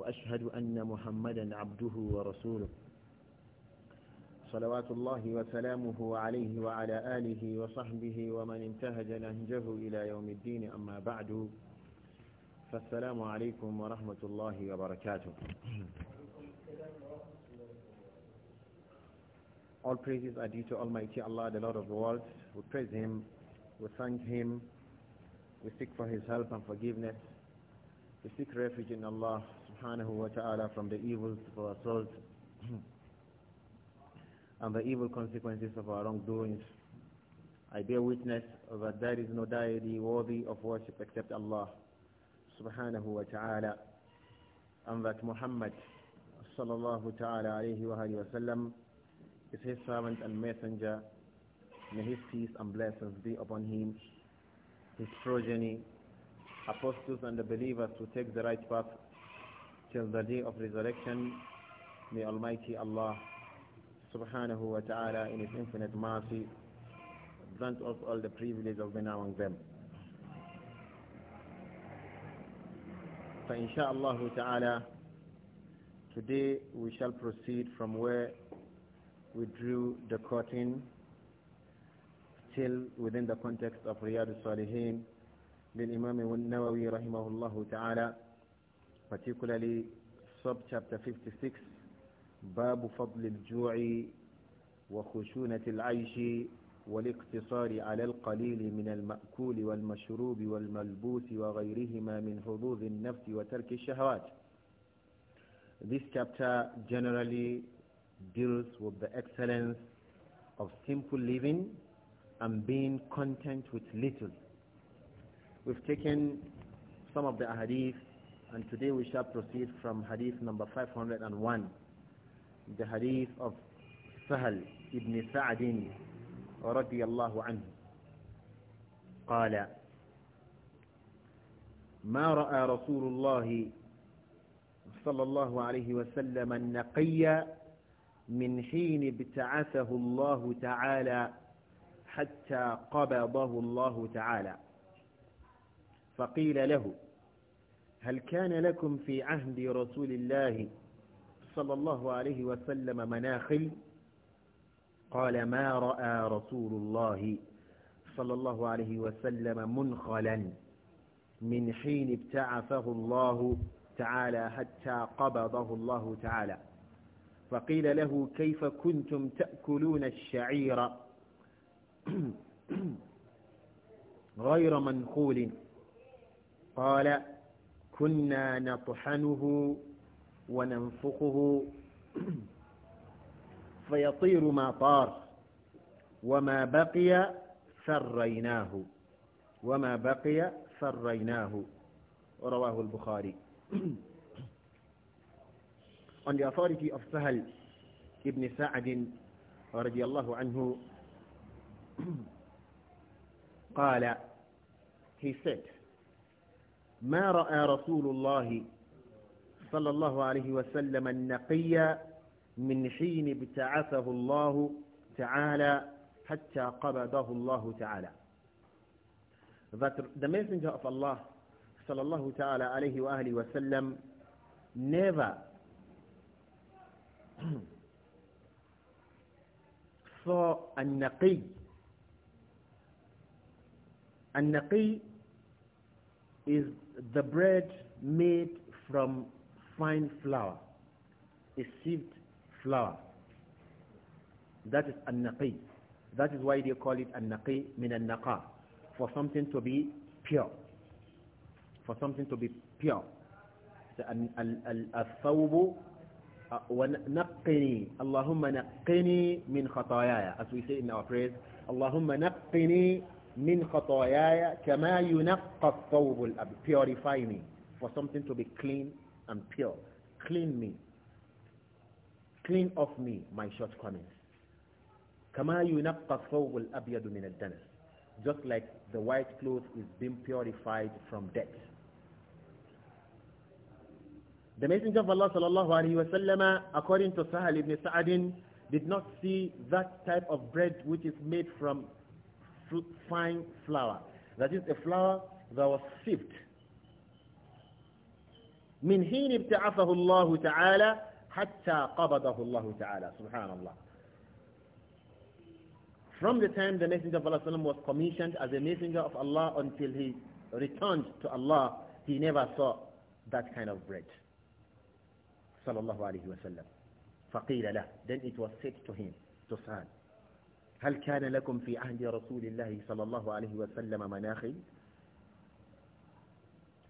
وأشهد أن محمدا عبده ورسوله صلوات الله وسلامه عليه وعلى آله وصحبه ومن انتهج نهجه إلى يوم الدين أما بعد فالسلام عليكم ورحمة الله وبركاته All praises are due to Almighty Allah, the Lord of the world. We praise Him, we thank Him, we seek for His help and forgiveness. We seek refuge in Allah subhanahu wa ta'ala from the evils of our souls and the evil consequences of our wrongdoings. I bear witness that there is no deity worthy of worship except Allah subhanahu wa ta'ala and that Muhammad sallallahu ta'ala alayhi wa sallam is his servant and messenger. May his peace and blessings be upon him, his progeny, apostles and the believers who take the right path till the day of resurrection. May Almighty Allah subhanahu wa ta'ala in His infinite mercy grant us all the privilege of being among them. فإنشاء ta'ala today we shall proceed from where we drew the curtain still within the context of Riyadh al-Salihin Imam al Nawawi, rahimahullah Taala. particularly sub-chapter 56 باب فضل الجوع وخشونة العيش والاقتصار على القليل من المأكول والمشروب والملبوس وغيرهما من حظوظ النفس وترك الشهوات This chapter generally deals with the excellence of simple living and being content with little. We've taken some of the hadith and today we shall proceed from hadith number 501 the hadith of Sahal ibn Sa'd رضي الله عنه قال ما رأى رسول الله صلى الله عليه وسلم النقي من حين ابتعثه الله تعالى حتى قبضه الله تعالى فقيل له هل كان لكم في عهد رسول الله صلى الله عليه وسلم مناخل قال ما رأى رسول الله صلى الله عليه وسلم منخلا من حين ابتعثه الله تعالى حتى قبضه الله تعالى فقيل له كيف كنتم تأكلون الشعير غير منخول قال كنا نطحنه وننفخه فيطير ما طار وما بقي فريناه وما بقي فريناه رواه البخاري On the authority of Sahal ibn رضي الله عنه قال he said ما رأى رسول الله صلى الله عليه وسلم النقي من حين ابتعثه الله تعالى حتى قبضه الله تعالى that the messenger of Allah صلى الله تعالى عليه وآله وسلم never saw النقي النقي is the bread made from fine flour, a sieved flour. That is an-naqi. That is why they call it an-naqi min al naqa for something to be pure. For something to be pure. الثوب ونقني اللهم نقني min خطاياي as we say in our prayers اللهم نقني min khatoyaya kama yunaqqa thawbul ab. Purify me for something to be clean and pure. Clean me. Clean off me my shortcomings. Kama yunaqqa thawbul abyadu min al Just like the white cloth is being purified from death. The Messenger of Allah sallallahu alaihi wasallam, according to Sahal ibn Sa'adin, did not see that type of bread which is made from fine flour. That is a flour that was sifted. من حين ابتعثه الله تعالى حتى قبضه الله تعالى سبحان الله From the time the Messenger of Allah was commissioned as a messenger of Allah until he returned to Allah, he never saw that kind of bread. Sallallahu alayhi wa sallam. فَقِيلَ لَهُ Then it was said to him, to Sa'ad, هل كان لكم في عهد رسول الله صلى الله عليه وسلم مناخل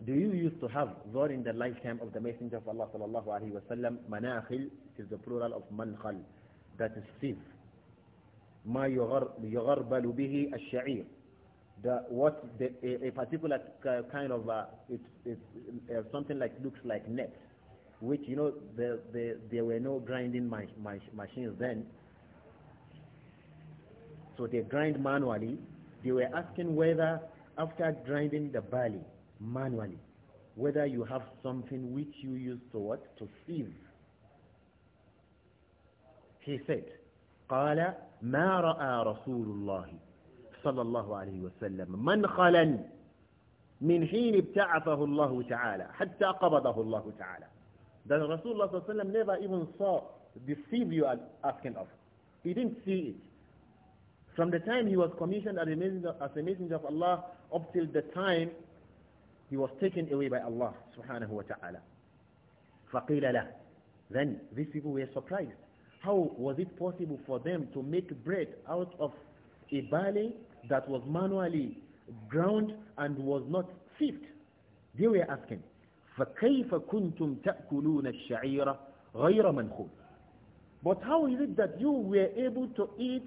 Do you used to have during the lifetime of the Messenger of Allah صلى الله عليه وسلم مناخل is the plural of منخل that is sieve ما يغربل به الشعير the what the, a, a particular kind of a, it, it, uh, something like looks like net which you know the, the, there were no grinding mach mach machines then So they grind manually. They were asking whether after grinding the barley manually, whether you have something which you use to what? To sieve. He said, قال ما رأى رسول الله صلى الله عليه وسلم منخلا من حين ابتعثه الله تعالى حتى قبضه الله تعالى that Rasulullah never even saw the sieve you are asking of. He didn't see it. From the time he was commissioned as a messenger of Allah up till the time he was taken away by Allah subhanahu wa ta'ala. فَقِيلَ لَهُ Then these people were surprised. How was it possible for them to make bread out of a barley that was manually ground and was not sifted? They were asking, فَكَيْفَ كُنْتُمْ تَأْكُلُونَ الشَّعِيرَ غَيْرَ مَنْخُولٍ But how is it that you were able to eat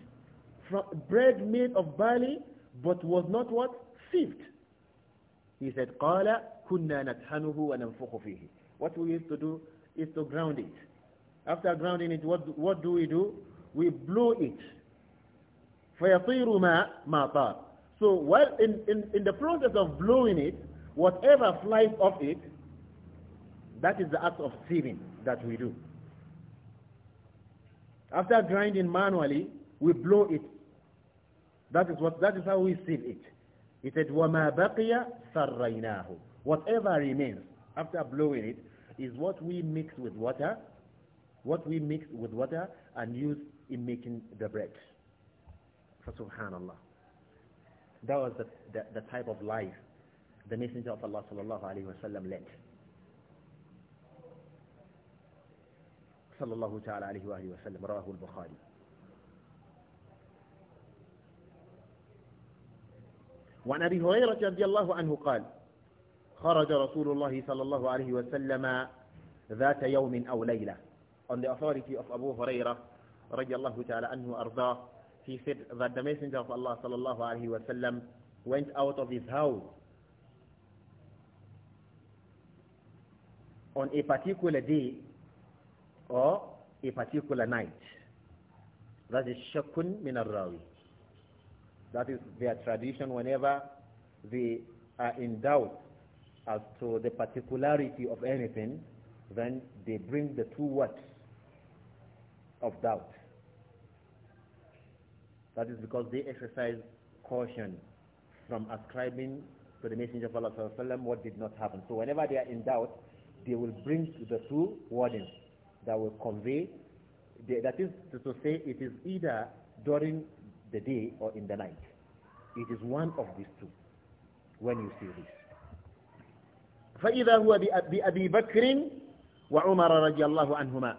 bread made of barley, but was not what? sifted. He said, kunna كُنَّا نَتْحَنُهُ وَنَنْفُخُ فِيهِ What we used to do is to ground it. After grounding it, what, what do we do? We blow it. فَيَطِيرُ مَا مَا طَارَ So while in, in, in the process of blowing it, whatever flies off it, that is the act of sieving that we do. After grinding manually, we blow it that is what that is how we see it. He said, "Wama بَقِيَ سَرَّيْنَاهُ Whatever remains after blowing it is what we mix with water, what we mix with water and use in making the bread. So subhanallah. That was the, the, the type of life the Messenger of Allah sallallahu alayhi wa sallam led. Sallallahu ta'ala alayhi wa sallam, Rawahu al-Bukhari. وعن أبي هريرة رضي الله عنه قال خرج رسول الله صلى الله عليه وسلم ذات يوم أو ليلة on the authority of Abu Huraira رضي الله تعالى عنه أرضاه he said that the messenger of Allah صلى الله عليه وسلم went out of his house on a particular day or a particular night that is shakun min al-rawi That is their tradition whenever they are in doubt as to the particularity of anything, then they bring the two words of doubt. That is because they exercise caution from ascribing to the Messenger of Allah وسلم, what did not happen. So whenever they are in doubt, they will bring the two wordings that will convey, that is to say, it is either during the day or in the night. It is one of these two when you see this. فإذا هو بأبي بكر وعمر رضي الله عنهما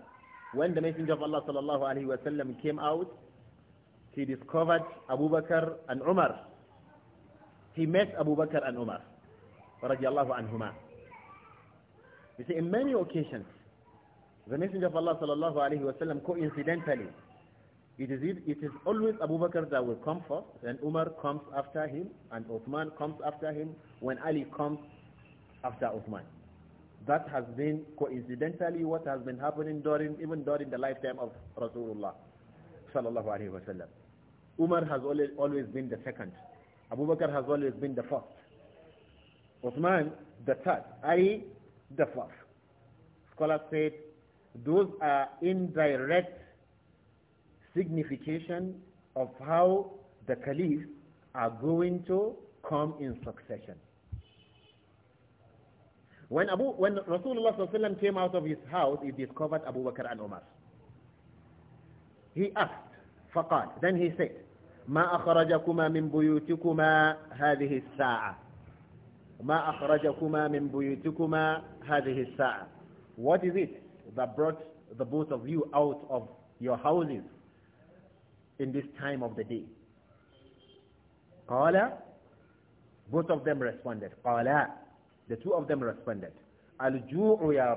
When the Messenger of Allah صلى الله عليه وسلم came out, he discovered Abu Bakr and Umar. He met Abu Bakr and Umar رضي الله عنهما. You see, in many occasions, the Messenger of Allah صلى الله عليه وسلم coincidentally it is, it is always Abu Bakr that will come first, then Umar comes after him, and Uthman comes after him, when Ali comes after Uthman. That has been coincidentally what has been happening during, even during the lifetime of Rasulullah sallallahu alayhi wa sallam. Umar has always, always been the second. Abu Bakr has always been the first. Uthman, the third. Ali, the first. Scholars said those are indirect signification of how the caliphs are going to come in succession. When, Abu, when Rasulullah came out of his house, he discovered Abu Bakr and Umar. He asked, فقال, then he said, ما أخرجكما من بيوتكما هذه الساعة ما أخرجكما من بيوتكما هذه الساعة What is it that brought the both of you out of your houses in this time of the day? Qala. Both of them responded. Qala. The two of them responded. Al-ju'u ya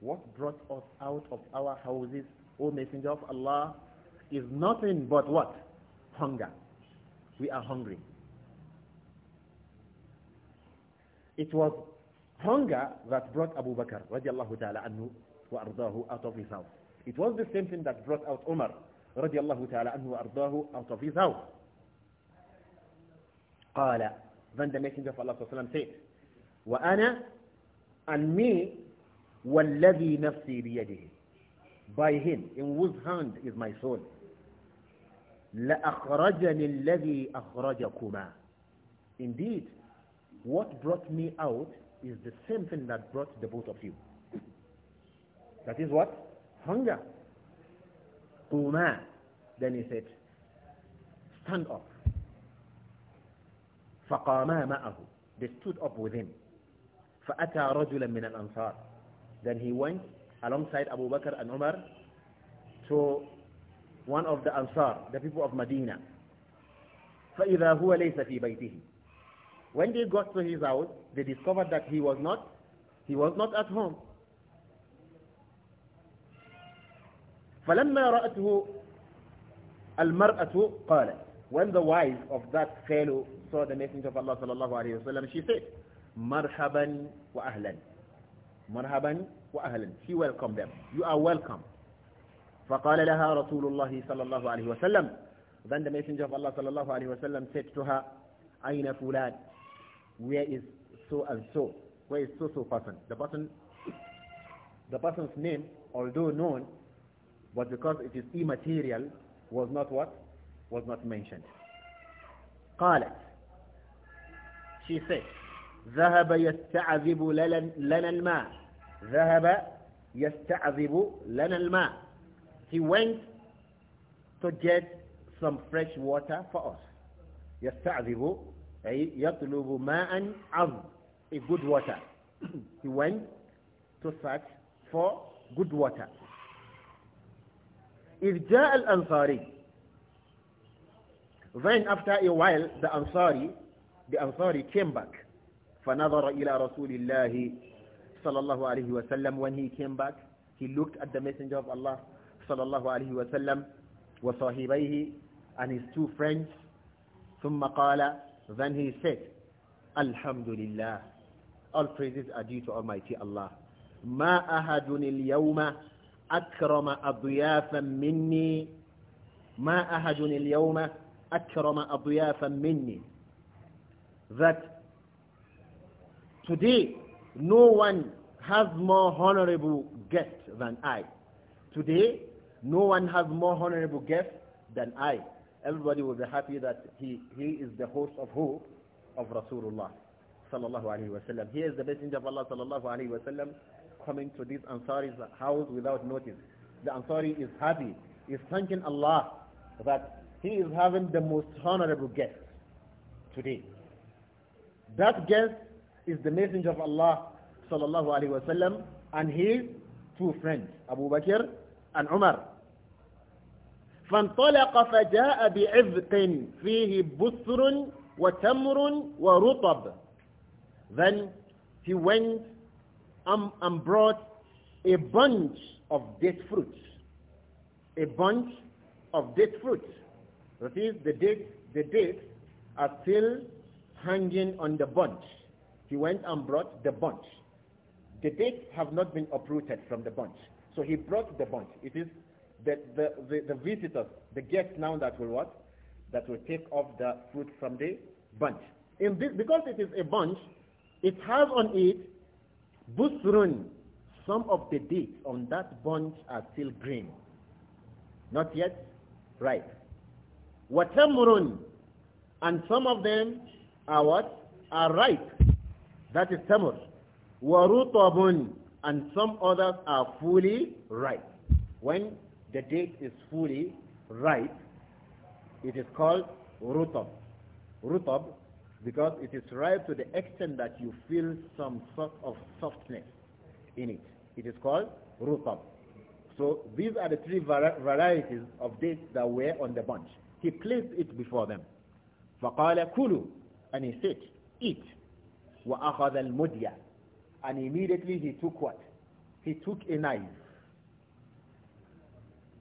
What brought us out of our houses, O Messenger of Allah, is nothing but what? Hunger. We are hungry. It was hunger that brought Abu Bakr radiallahu ta'ala anhu wa out of his house. It was the same thing that brought out Umar رضي الله تعالى عنه وأرضاه أو في قال فان دميت الله صلى الله عليه وسلم وأنا أنمي والذي نفسي بيده by him in whose hand is my soul لأخرجني الذي أخرجكما indeed what brought me out is the same thing that brought the both of you that is what hunger Quma. Then he said, stand up. فَقَامَا مَعَهُ. They stood up with him. فَأَتَى رَجُلًا مِنَ الْأَنصَارِ Then he went alongside Abu Bakr and Umar to one of the Ansar, the people of Medina. فَإِذَا هُوَ لَيْسَ فِي بَيْتِهِ When they got to his house, they discovered that he was not, he was not at home. فلما رأته المرأة قالت when the wife of that fellow saw the messenger of Allah صلى الله عليه وسلم she said مرحبا وأهلا مرحبا وأهلا she welcomed them you are welcome فقال لها رسول الله صلى الله عليه وسلم then the messenger of Allah صلى الله عليه وسلم said to her أين فلان where is so and so where is so so person the person the person's name although known but because it is immaterial was not what? Was not mentioned. قالت She said, ذهب يستعذب لنا الماء ذهب يستعذب لنا الماء He went to get some fresh water for us. يستعذب أي يطلب ماء عذب a good water. he went to search for good water. Irja al-Ansari. Then after a while, the Ansari, the Ansari came back. فَنَظَرَ إِلَىٰ رَسُولِ اللَّهِ صلى الله عليه وسلم when he came back he looked at the messenger of Allah صلى الله عليه وسلم وصاحبيه and his two friends ثم قال then he said Alhamdulillah all praises are due to Almighty Allah ما أحد اليوم أكرم أضيافا مني ما أحد اليوم أكرم أضيافا مني that today no one has more honorable guest than I today no one has more honorable guest than I everybody will be happy that he, he is the host of who of Rasulullah sallallahu عليه وسلم he is the messenger of Allah sallallahu عليه وسلم coming to this Ansari's house without notice. The Ansari is happy, is thanking Allah that he is having the most honorable guest today. That guest is the messenger of Allah sallallahu alaihi wasallam and his two friends, Abu Bakr and Umar. فانطلق فجاء بعذق فيه وتمر ورطب Then he went and, um, and um, brought a bunch of date fruits. A bunch of date fruits. That is, the date, the dates are still hanging on the bunch. He went and brought the bunch. The dates have not been uprooted from the bunch. So he brought the bunch. It is the, the, the, the visitors, the guests now that will what? That will take off the fruit from the bunch. In this, because it is a bunch, it has on it Busrun, some of the dates on that bunch are still green, not yet ripe. Watamrun, and some of them are what? Are ripe. That is tamur. Warutabun, and some others are fully ripe. When the date is fully ripe, it is called rutab. Rutab because it is ripe to the extent that you feel some sort of softness in it. It is called rutab. So these are the three varieties of dates that were on the bunch. He placed it before them. فَقَالَ كُلُوا And he said, eat. وَأَخَذَ الْمُدْيَةِ And immediately he took what? He took a knife.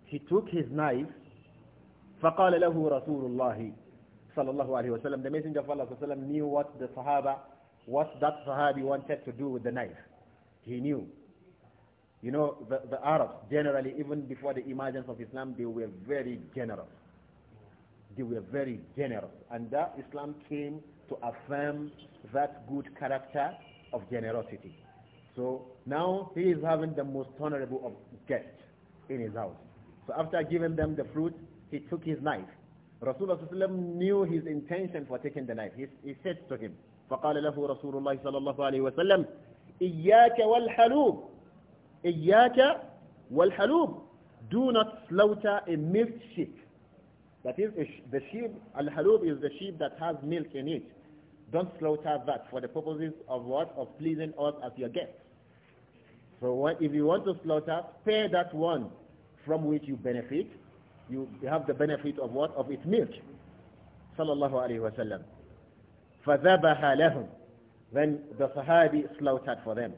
He took his knife. فَقَالَ لَهُ رَسُولُ اللَّهِ sallallahu alaihi wasallam the messenger of Allah sallallahu knew what the sahaba what that sahabi wanted to do with the knife he knew you know the, the Arabs generally even before the emergence of Islam they were very generous they were very generous and that Islam came to affirm that good character of generosity so now he is having the most honorable of guests in his house so after giving them the fruit he took his knife Rasulullah knew his intention for taking the knife. He, he said to him, فقال له رسول الله صلى الله عليه وسلم إياك والحلوب إياك والحلوب Do not slaughter a milk sheep. That is, the sheep, al-halub is the sheep that has milk in it. Don't slaughter that for the purposes of what? Of pleasing us as your guests. So if you want to slaughter, spare that one from which you benefit you, have the benefit of what? Of its milk. Sallallahu alayhi wa sallam. فَذَبَهَا لَهُمْ Then the Sahabi slaughtered for them.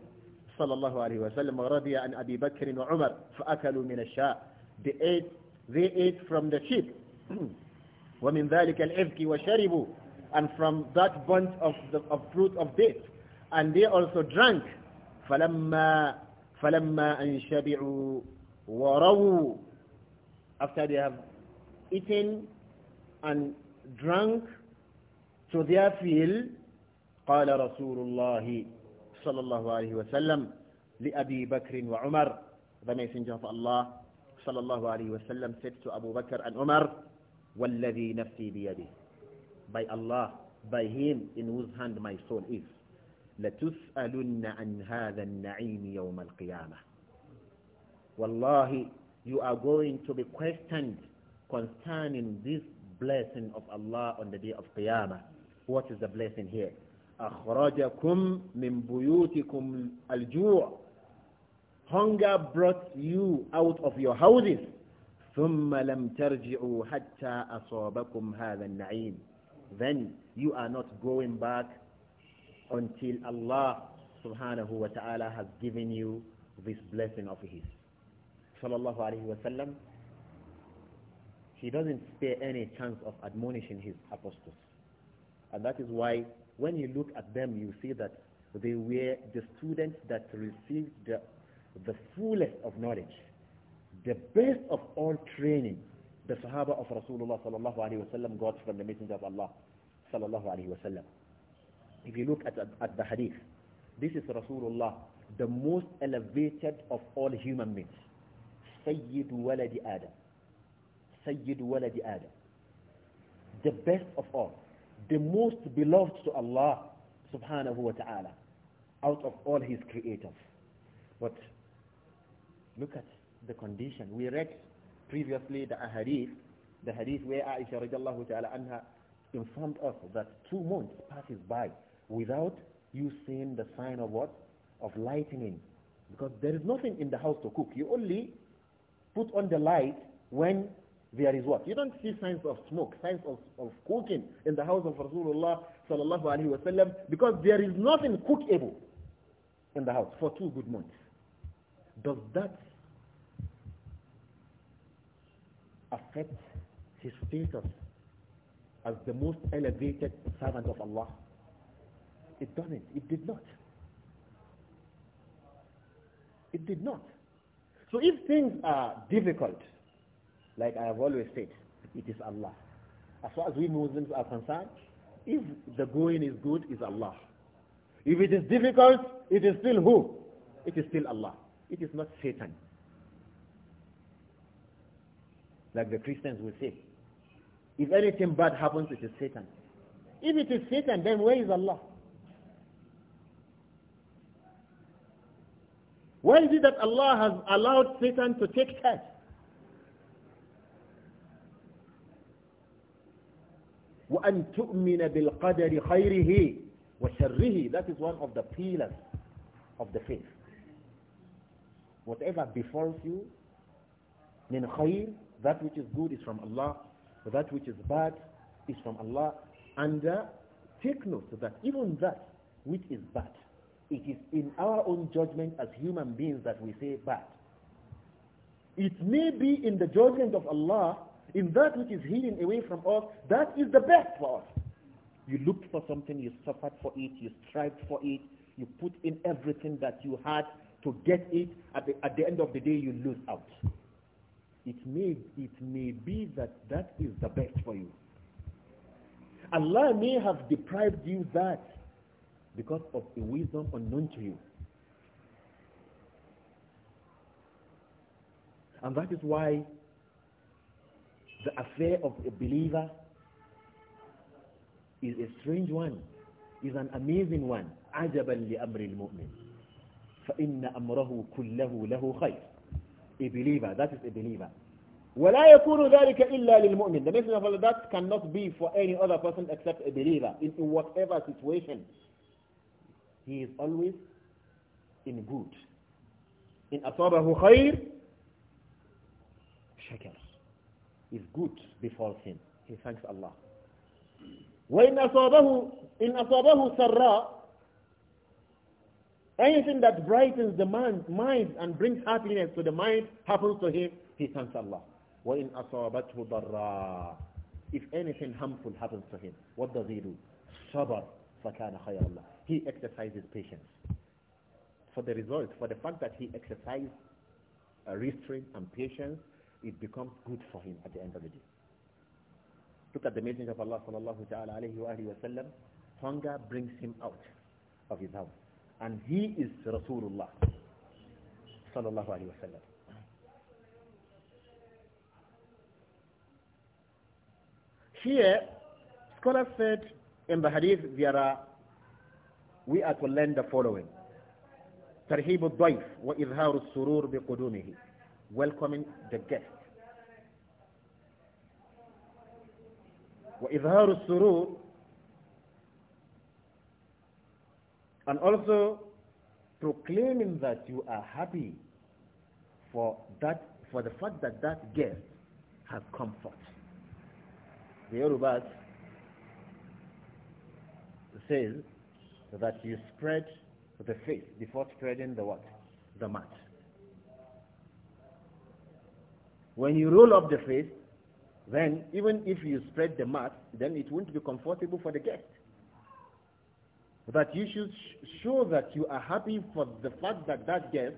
Sallallahu alayhi wa sallam. وَرَضِيَ أَنْ Bakr بَكْرٍ Umar فَأَكَلُوا مِنَ الشَّاءِ They ate, they ate from the sheep. وَمِنْ ذَلِكَ الْعِذْكِ وَشَرِبُوا And from that bunch of, the, of fruit of date. And they also drank. فَلَمَّا فَلَمَّا أَنْ شَبِعُوا وَرَوُوا after they have eaten and drunk to their fill قال رسول الله صلى الله عليه وسلم لأبي بكر وعمر the messenger of Allah صلى الله عليه وسلم said to Abu Bakr and Umar والذي نفسي بيده by Allah by him in whose hand my soul is لتسألن عن هذا النعيم يوم القيامة والله you are going to be questioned concerning this blessing of Allah on the day of Qiyamah. What is the blessing here? أخرجكم من بيوتكم الجوع Hunger brought you out of your houses ثم لم ترجعوا حتى أصابكم هذا النعيم Then you are not going back until Allah subhanahu wa ta'ala has given you this blessing of his sallallahu alaihi wasallam, he doesn't spare any chance of admonishing his apostles. And that is why when you look at them, you see that they were the students that received the, the fullest of knowledge, the best of all training the Sahaba of Rasulullah sallallahu alaihi wasallam got from the Messenger of Allah sallallahu alaihi wasallam. If you look at, at, at the hadith, this is Rasulullah, the most elevated of all human beings sayyidu waladi adam sayyidu waladi adam the best of all the most beloved to Allah subhanahu wa ta'ala out of all his creators but look at the condition we read previously the hadith the hadith where Aisha radiallahu ta'ala anha informed us that two months passes by without you seeing the sign of what? Of lightning. Because there is nothing in the house to cook. You only put on the light when there is what? You don't see signs of smoke, signs of, of cooking in the house of Rasulullah sallallahu alaihi wasallam because there is nothing cookable in the house for two good months. Does that affect his status as the most elevated servant of Allah? It doesn't. It did not. It did not. So if things are difficult, like I have always said, it is Allah. As far as we Muslims are concerned, if the going is good, it is Allah. If it is difficult, it is still who? It is still Allah. It is not Satan. Like the Christians will say. If anything bad happens, it is Satan. If it is Satan, then where is Allah? Why is it that Allah has allowed Satan to take charge? وأن تؤمن بالقدر خيره وشره That is one of the pillars of the faith. Whatever befalls you, من that which is good is from Allah, that which is bad is from Allah. And uh, take note that even that which is bad it is in our own judgment as human beings that we say bad. It may be in the judgment of Allah, in that which is hidden away from us, that is the best for us. You looked for something, you suffered for it, you strived for it, you put in everything that you had to get it. At the, at the end of the day, you lose out. It may, it may be that that is the best for you. Allah may have deprived you that because of a wisdom unknown to you. And that is why the affair of a believer is a strange one, is an amazing one. عجبا لأمر المؤمن فإن أمره كله له خير a believer that is a believer ولا يكون ذلك إلا للمؤمن the message of Allah that cannot be for any other person except a believer in, in whatever situation he is always in good. In asabahu khair, shakar. If good befalls him, he thanks Allah. When asabahu, in asabahu سراء anything that brightens the man's mind and brings happiness to the mind happens to him he thanks Allah وإن أصابته darra, if anything harmful happens to him what does he do صبر فكان khayr Allah he exercises patience. For the result, for the fact that he exercises uh, restraint and patience, it becomes good for him at the end of the day. Look at the message of Allah sallallahu ta'ala wa sallam. Hunger brings him out of his house. And he is Rasulullah sallallahu alayhi wa Here, scholars said in the hadith there are we are to learn the following. al-Daif ترحيب الضيف surur bi بقدومه welcoming the guest wa وإظهار surur and also proclaiming that you are happy for that for the fact that that guest has comfort. The Yorubas says that you spread the faith before spreading the what? The mat. When you roll up the faith, then even if you spread the mat, then it won't be comfortable for the guest. But you should show that you are happy for the fact that that guest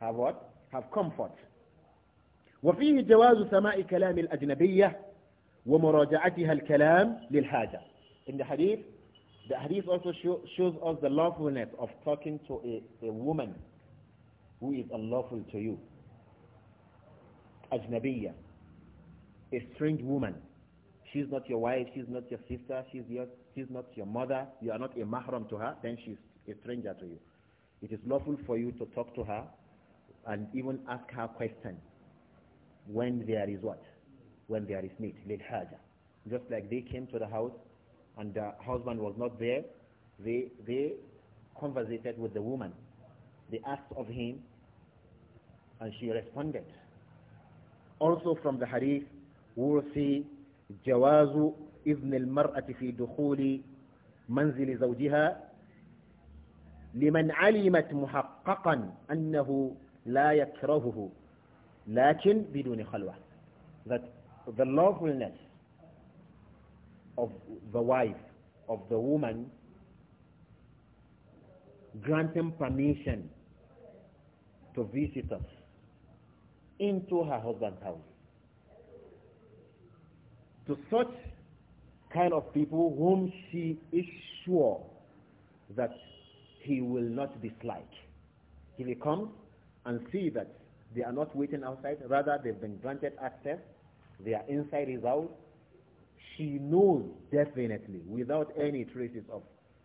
have what? Have comfort. وفيه جواز سماع كلام الأجنبية ومراجعتها الكلام للحاجة. In the hadith, the hadith also show, shows us the lawfulness of talking to a, a woman who is unlawful to you. Ajnabiya, a strange woman. She's not your wife, she's not your sister, she's, your, she's not your mother, you are not a mahram to her, then she's a stranger to you. It is lawful for you to talk to her and even ask her questions when there is what? When there is need, lil haja. Just like they came to the house and the husband was not there, they, they conversated with the woman. They asked of him, and she responded. Also from the hadith, we will see جواز إذن المرأة في دخول منزل زوجها لمن علمت محققا أنه لا يكرهه لكن بدون خلوة that the lawfulness of the wife, of the woman, granting permission to visitors into her husband's house. To such kind of people whom she is sure that he will not dislike. He will come and see that they are not waiting outside, rather they've been granted access, they are inside his house, she knows definitely, without any traces of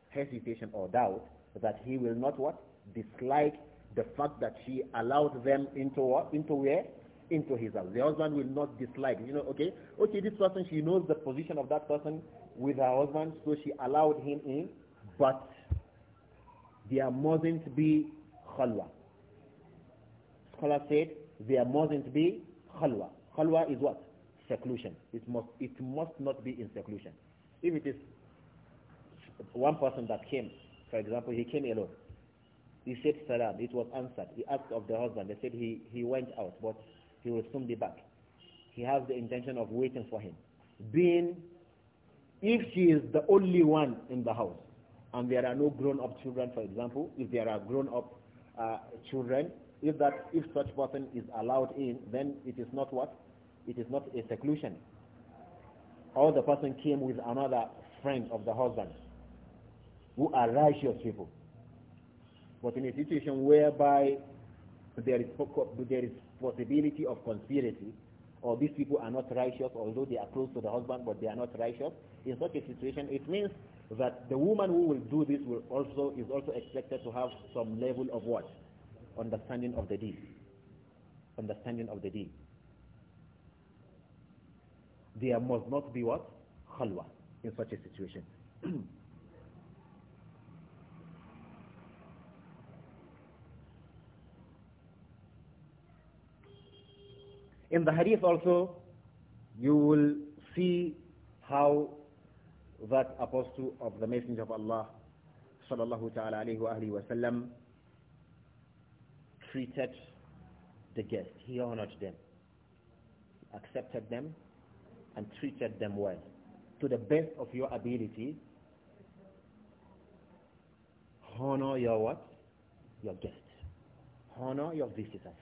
hesitation or doubt, that he will not what? Dislike the fact that she allowed them into what? Into where? Into his house. The husband will not dislike. You know, okay, okay, this person, she knows the position of that person with her husband, so she allowed him in, but there mustn't be khalwa. Scholar said, there mustn't be khalwa. Khalwa is what? seclusion. It must, it must not be in seclusion. If it is one person that came, for example, he came alone. He said salam. It was answered. He asked of the husband. They said he, he went out, but he will soon be back. He has the intention of waiting for him. Being, if she is the only one in the house, and there are no grown-up children, for example, if there are grown-up uh, children, if that if such person is allowed in, then it is not what it is not a seclusion. Or the person came with another friend of the husband, who are righteous people. But in a situation whereby there is, there is possibility of conspiracy, or these people are not righteous, although they are close to the husband, but they are not righteous, in such a situation, it means that the woman who will do this will also is also expected to have some level of what? Understanding of the deed. Understanding of the deed there must not be what? Khalwa in such a situation. in the hadith also, you will see how that apostle of the Messenger of Allah sallallahu ta'ala alayhi wa sallam treated the guests. He honored them, accepted them, and treated them well to the best of your ability. Honor your what? Your guests. Honor your visitors.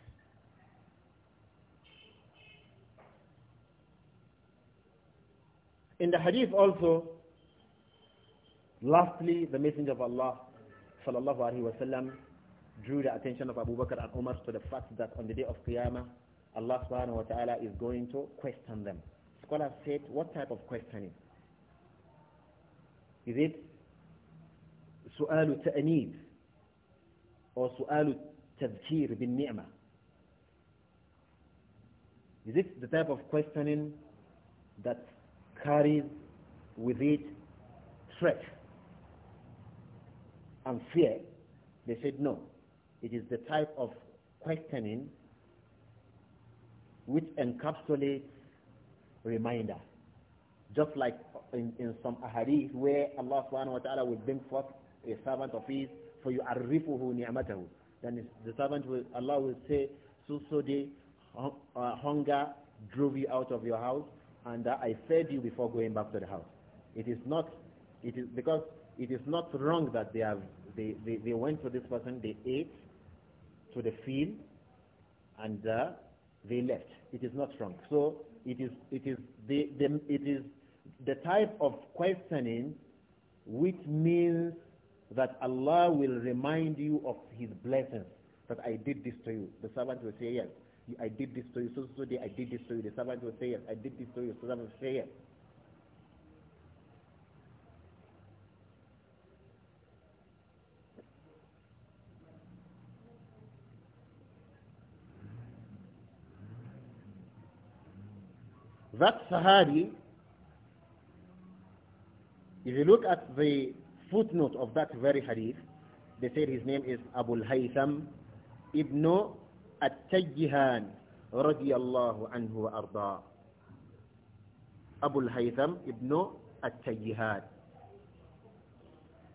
In the hadith also, lastly, the Messenger of Allah sallallahu alaihi wasallam drew the attention of Abu Bakr and Umar to the fact that on the day of Qiyamah, Allah subhanahu wa ta'ala is going to question them. Scholars said, what type of questioning? Is it سؤال تأنيب or سؤال تذكير بالنعمة? Is it the type of questioning that carries with it threat and fear? They said no. It is the type of questioning which encapsulates reminder. Just like in, in some ahadith where Allah subhanahu wa ta'ala will bring forth a servant of his, for you arrifuhu ni'matahu. Then the servant will, Allah will say, so so day, uh, hunger drove you out of your house and uh, I fed you before going back to the house. It is not, it is because it is not wrong that they have, they, they, they went to this person, they ate to the field and uh, they left. It is not wrong. So it is, it is, the, the, it is the type of questioning which means that Allah will remind you of his blessings that I did this to you. The servant will say yes. I did this to you. So, so, so I did this to you. The servant will say yes. I did this to you. So, the servant will say yes. That Sahabi, if you look at the footnote of that very hadith, they said his name is Abu al-Haytham ibn At-Tayyihan radiyallahu anhu wa arda. Abu al-Haytham ibn At-Tayyihan.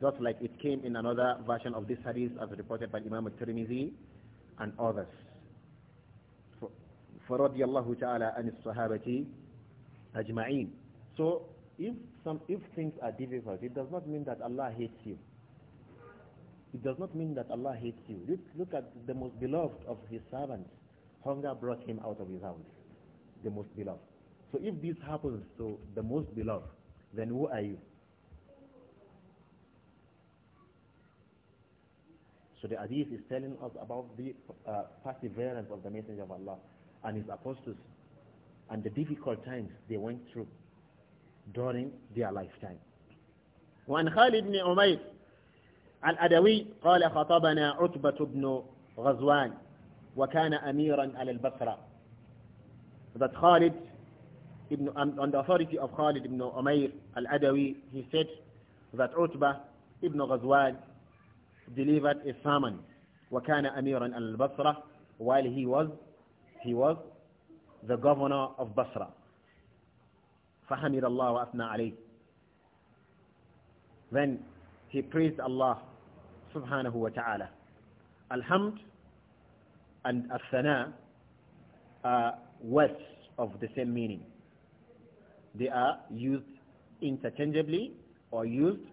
Just like it came in another version of this hadith as reported by Imam al-Tirmidhi and others. For radiyallahu ta'ala anis sahabati ajma'in. So if some if things are difficult, it does not mean that Allah hates you. It does not mean that Allah hates you. Look, look at the most beloved of his servants. Hunger brought him out of his house. The most beloved. So if this happens to the most beloved, then who are you? So the hadith is telling us about the uh, perseverance of the Messenger of Allah and his apostles and the difficult times they went through during their lifetime. وعن خالد بن عمير الأدوي قال خطبنا عتبة بن غزوان وكان أميرا على البصرة that Khalid ibn, um, on the authority of Khalid ibn Umayr al-Adawi he said that Utbah ibn Ghazwan delivered a sermon وكان أميرا على البصرة while he was he was the governor of Basra. فَحَمِدَ اللَّهُ وَأَثْنَى عَلَيْهِ Then he praised Allah subhanahu wa ta'ala. Alhamd and Athana are words of the same meaning. They are used interchangeably or used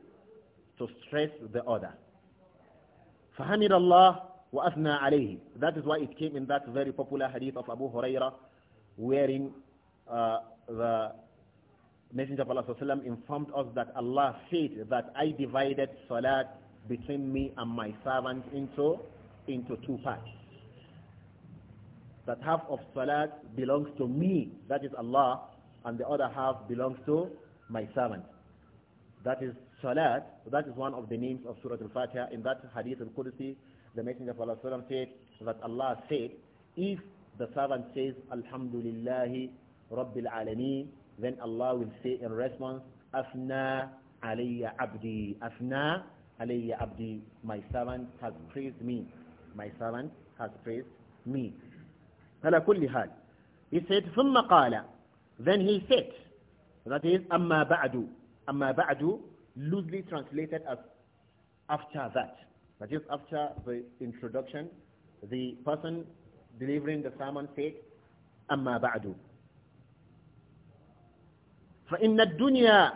to stress the other. فَحَمِدَ اللَّهُ وَأَثْنَى عَلَيْهِ That is why it came in that very popular hadith of Abu Hurairah wherein uh, the Messenger of Allah informed us that Allah said that I divided salat between me and my servants into, into two parts. That half of salat belongs to me, that is Allah, and the other half belongs to my servant. That is salat, that is one of the names of Surah Al-Fatiha. In that hadith al-Qudsi, the Messenger of Allah said that Allah said, if the servant says, Alhamdulillahi Rabbil Alameen, then Allah will say in response, Afna alayya abdi, Afna alayya abdi, my servant has praised me, my servant has praised me. ala كل حال he said ثم قال then he said that amma بعد amma بعد loosely translated as after that that is after the introduction the person delivering the sermon said, أما بعد فإن الدنيا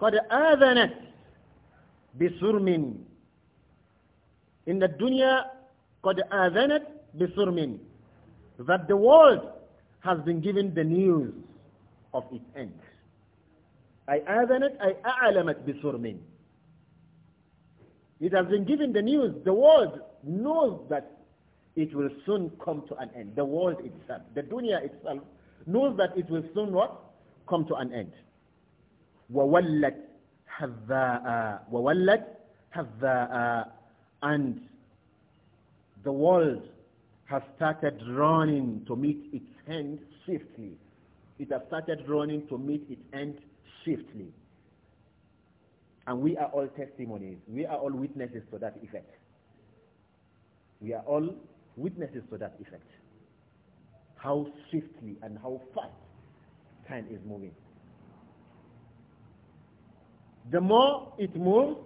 قد آذنت بسرم إن الدنيا قد آذنت بسرم that the world has been given the news of its end أي آذنت أي أعلمت بسرم It has been given the news. The world knows that it will soon come to an end. The world itself, the dunya itself, knows that it will soon what? Come to an end. وَوَلَّتْ هَذَّاءً وَوَلَّتْ هَذَّاءً And the world has started running to meet its end swiftly. It has started running to meet its end swiftly. And we are all testimonies. We are all witnesses to that effect. We are all witnesses to that effect. How swiftly and how fast time is moving. The more it moves,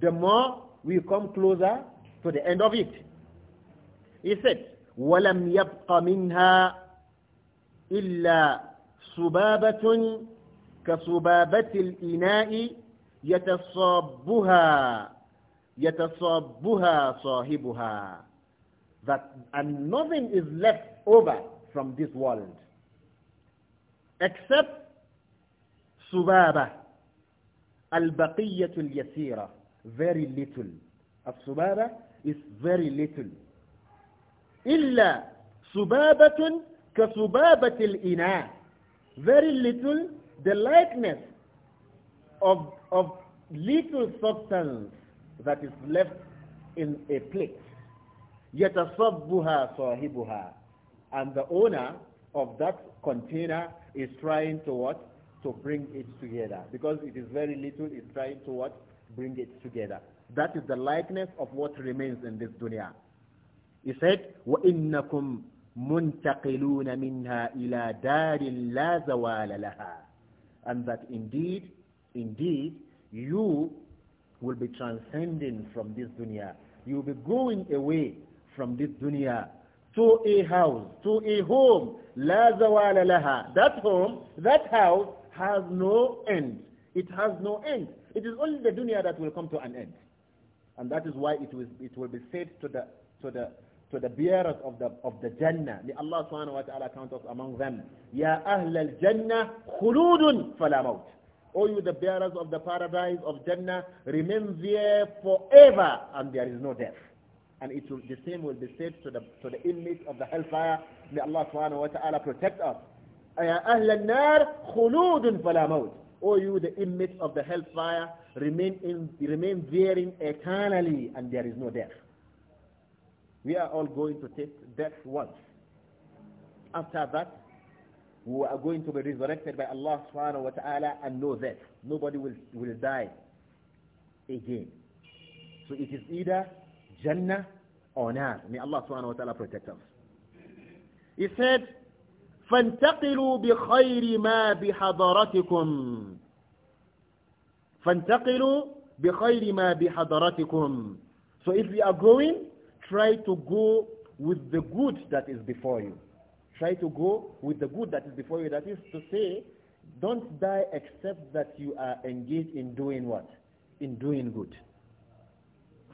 the more we come closer to the end of it. He said, وَلَمْ يَبْقَ مِنْهَا إِلَّا صُبَابَةٌ كصبابة الإناء يتصابها يتصابها صاحبها that and nothing is left over from this world except subaba al-baqiyatul yasira very little al subaba is very little illa subabatun ka subabatil ina very little the likeness of of little substance that is left in a plate يَتَصَبُّهَا صَاحِبُهَا And the owner of that container is trying to what? To bring it together. Because it is very little, it's trying to what? Bring it together. That is the likeness of what remains in this dunya. He said, وَإِنَّكُمْ مُنْتَقِلُونَ مِنْهَا إِلَى دَارٍ لَا زَوَالَ لَهَا And that indeed, indeed, you will be transcending from this dunya. You will be going away from this dunya to a house, to a home. La zawala laha. That home, that house has no end. It has no end. It is only the dunya that will come to an end. And that is why it will, it will be said to the, to the, to the bearers of the, of the Jannah. May Allah subhanahu wa ta'ala count us among them. Ya ahl al-Jannah khuludun fala O you the bearers of the paradise of Jannah, remain there forever and there is no death and it will, the same will be said to the, to the inmates of the hellfire. May Allah subhanahu wa ta'ala protect us. O you, the inmates of the hellfire, remain, in, remain therein eternally and there is no death. We are all going to taste death once. After that, we are going to be resurrected by Allah subhanahu wa ta'ala and no death. Nobody will, will die again. So it is either Jannah or Nar. May Allah subhanahu wa ta'ala protect us. He said, فانتقلوا بخير ما بحضرتكم فانتقلوا بخير ما بحضرتكم So if we are going, try to go with the good that is before you. Try to go with the good that is before you. That is to say, don't die except that you are engaged in doing what? In doing good.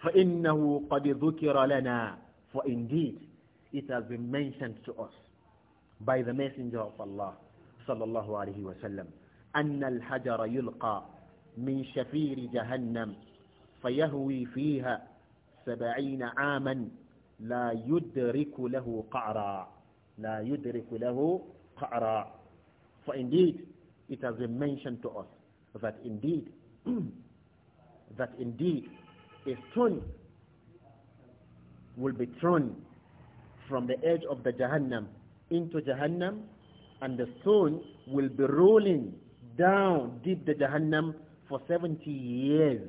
فإنه قد ذكر لنا for indeed it has been mentioned to us by the messenger of Allah صلى الله عليه وسلم أن الحجر يلقى من شفير جهنم فيهوي فيها سبعين عاما لا يدرك له قعرا لا يدرك له قعرا for indeed it has been mentioned to us that indeed that indeed a stone will be thrown from the edge of the Jahannam into Jahannam and the stone will be rolling down deep the Jahannam for 70 years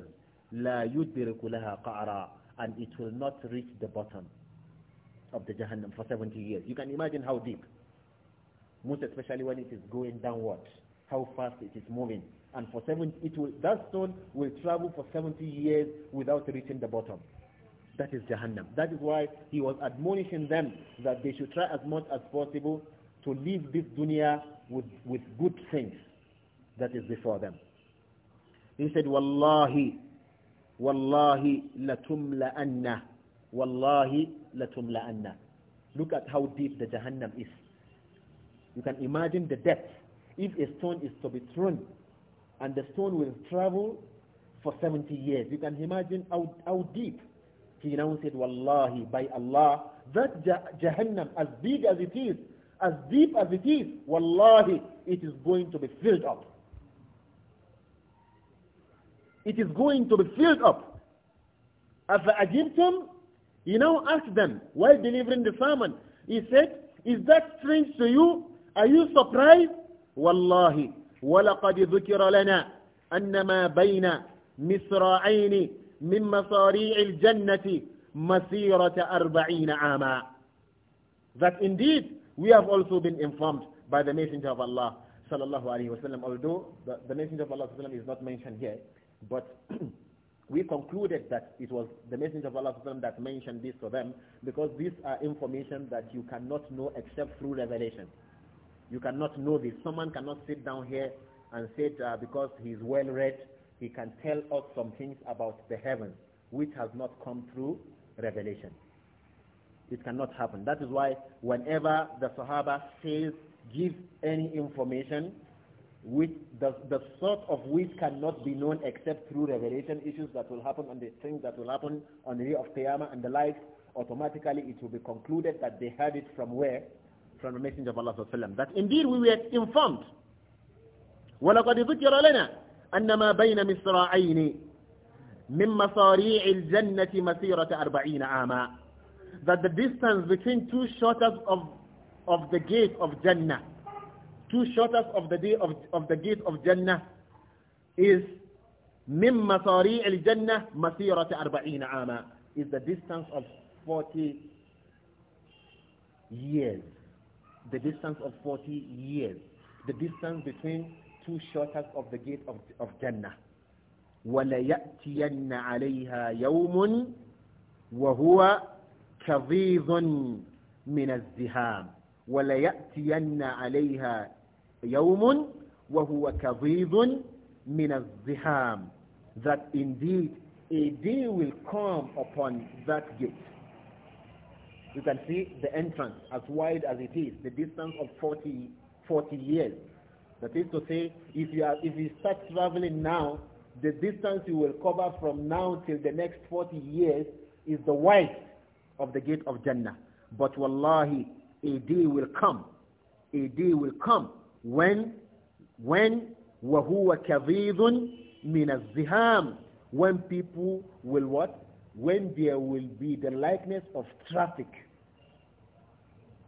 لا يدرك لها قعرا and it will not reach the bottom of the Jahannam for 70 years. You can imagine how deep. Most especially when it is going downward, how fast it is moving and for seven, it will that stone will travel for 70 years without reaching the bottom that is jahannam that is why he was admonishing them that they should try as much as possible to leave this dunya with with good things that is before them he said wallahi wallahi la anna wallahi la anna look at how deep the jahannam is you can imagine the depth if a stone is to be thrown and the stone will travel for 70 years. You can imagine how, how deep. He now said, Wallahi, by Allah, that jah Jahannam, as big as it is, as deep as it is, Wallahi, it is going to be filled up. It is going to be filled up. As Egyptian, he now asked them, while delivering the sermon, he said, is that strange to you? Are you surprised? Wallahi, ولقد ذكر لنا أن ما بين مصراعين من مصاريع الجنة مسيرة أربعين عاما That indeed we have also been informed by the Messenger of Allah sallallahu alayhi wasallam. Although the, the Messenger of Allah sallallahu is not mentioned here, but we concluded that it was the Messenger of Allah sallallahu that mentioned this to them because these are information that you cannot know except through revelation. You cannot know this. Someone cannot sit down here and say uh, because he is well read, he can tell us some things about the heavens which has not come through revelation. It cannot happen. That is why whenever the Sahaba says give any information which the, the sort of which cannot be known except through revelation issues that will happen and the things that will happen on the day of Qiyamah and the like, automatically it will be concluded that they heard it from where? from the Messenger of Allah وسلم, that indeed we were informed ولقد ذكر لنا أن ما بين مصراعين من مصاريع الجنة مسيرة أربعين عاما that the distance between two shutters of, of the gate of Jannah two shutters of the, day of, of the gate of Jannah is من مصاريع الجنة مسيرة أربعين عاما is the distance of 40 years the distance of 40 years, the distance between two shutters of the gate of, of Jannah. وَلَيَأْتِيَنَّ عَلَيْهَا يَوْمٌ وَهُوَ كَظِيظٌ مِنَ الزِّهَامِ وَلَيَأْتِيَنَّ عَلَيْهَا يَوْمٌ وَهُوَ كَظِيظٌ مِنَ الزِّهَامِ That indeed a day will come upon that gate you can see the entrance as wide as it is, the distance of 40, 40 years. That is to say, if you, are, if you start traveling now, the distance you will cover from now till the next 40 years is the width of the gate of Jannah. But wallahi, a day will come. A day will come when, when, وَهُوَ كَغِيظٌ مِنَ الزِّهَامِ When people will what? when there will be the likeness of traffic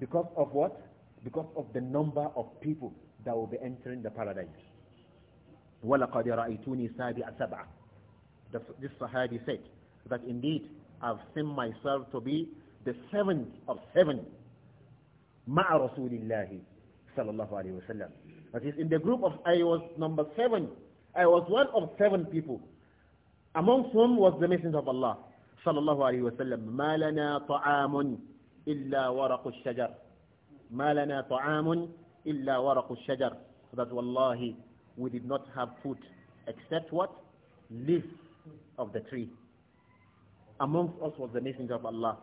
because of what? Because of the number of people that will be entering the paradise. وَلَقَدْ رَأَيْتُنِي سَابِعَ سَبْعَ This Sahabi said that indeed I've seen myself to be the seventh of seven مَعَ رَسُولِ اللَّهِ صلى الله عليه وسلم. That is in the group of I was number seven. I was one of seven people amongst whom was the Messenger of Allah صلى الله عليه وسلم ما لنا طعام إلا ورق الشجر ما لنا طعام إلا ورق الشجر that والله we did not have food except what? Leaf of the tree. Amongst us was the messenger of Allah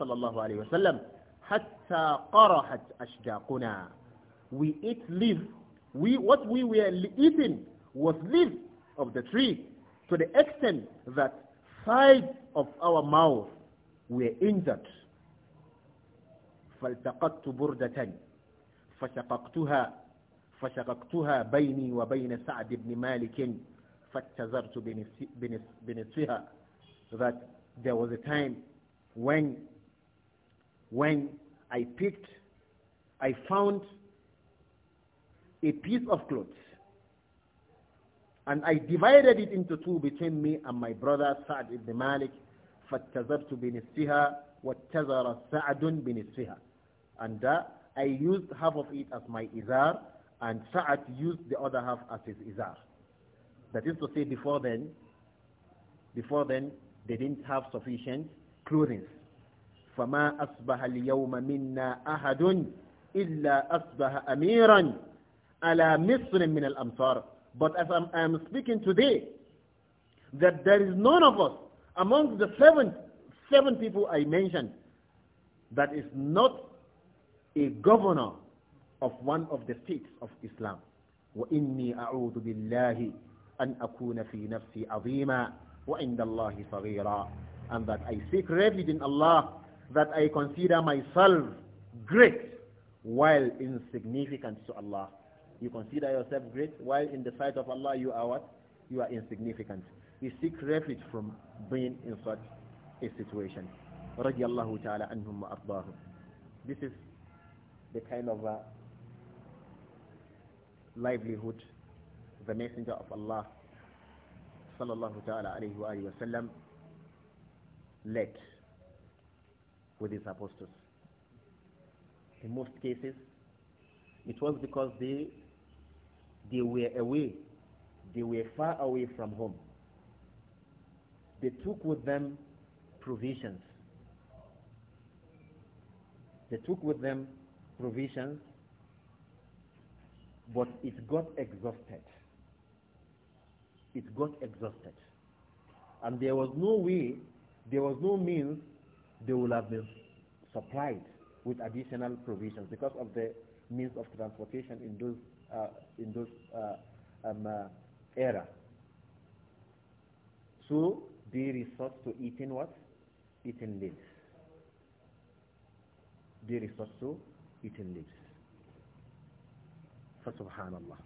صلى الله عليه وسلم حتى قرحت أشجاقنا We eat leaf. We, what we were eating was leaf of the tree to the extent that sides of our mouth were injured فالتقطت بردة فشققتها فشققتها بيني وبين سعد بن مالك فاتزرت بنصفها that there was a time when when I picked I found a piece of cloth and I divided it into two between me and my brother Sa'd ibn Malik. فَاتَّزَرْتُ بِنِصْفِهَا وَاتَّزَرَ سَعْدٌ بِنِصْفِهَا And uh, I used half of it as my izar and Sa'd used the other half as his izar. That is to say before then, before then they didn't have sufficient clothing. فَمَا أَصْبَحَ الْيَوْمَ مِنَّا أَحَدٌ إِلَّا أَصْبَحَ أَمِيرًا عَلَى مِصْرٍ مِنَ الْأَمْصَارِ but as I'm, I'm speaking today, that there is none of us among the seven, seven people I mentioned that is not a governor of one of the states of Islam. وإني أعوذ بالله أن أكون في نفسي عظيما وعند الله صغيرا and that I seek refuge in Allah that I consider myself great while insignificant to Allah you consider yourself great, while in the sight of Allah you are what? You are insignificant. You seek refuge from being in such a situation. Radiallahu ta'ala anhum wa This is the kind of uh, livelihood the Messenger of Allah sallallahu ta'ala alayhi wa sallam led with his apostles. In most cases, it was because they they were away. They were far away from home. They took with them provisions. They took with them provisions, but it got exhausted. It got exhausted. And there was no way, there was no means they would have been supplied with additional provisions because of the means of transportation in those uh, in those uh, um, uh, era. So they resort to eating what? Eating leaves. They resort to eating leaves. فسبحان Subhanallah,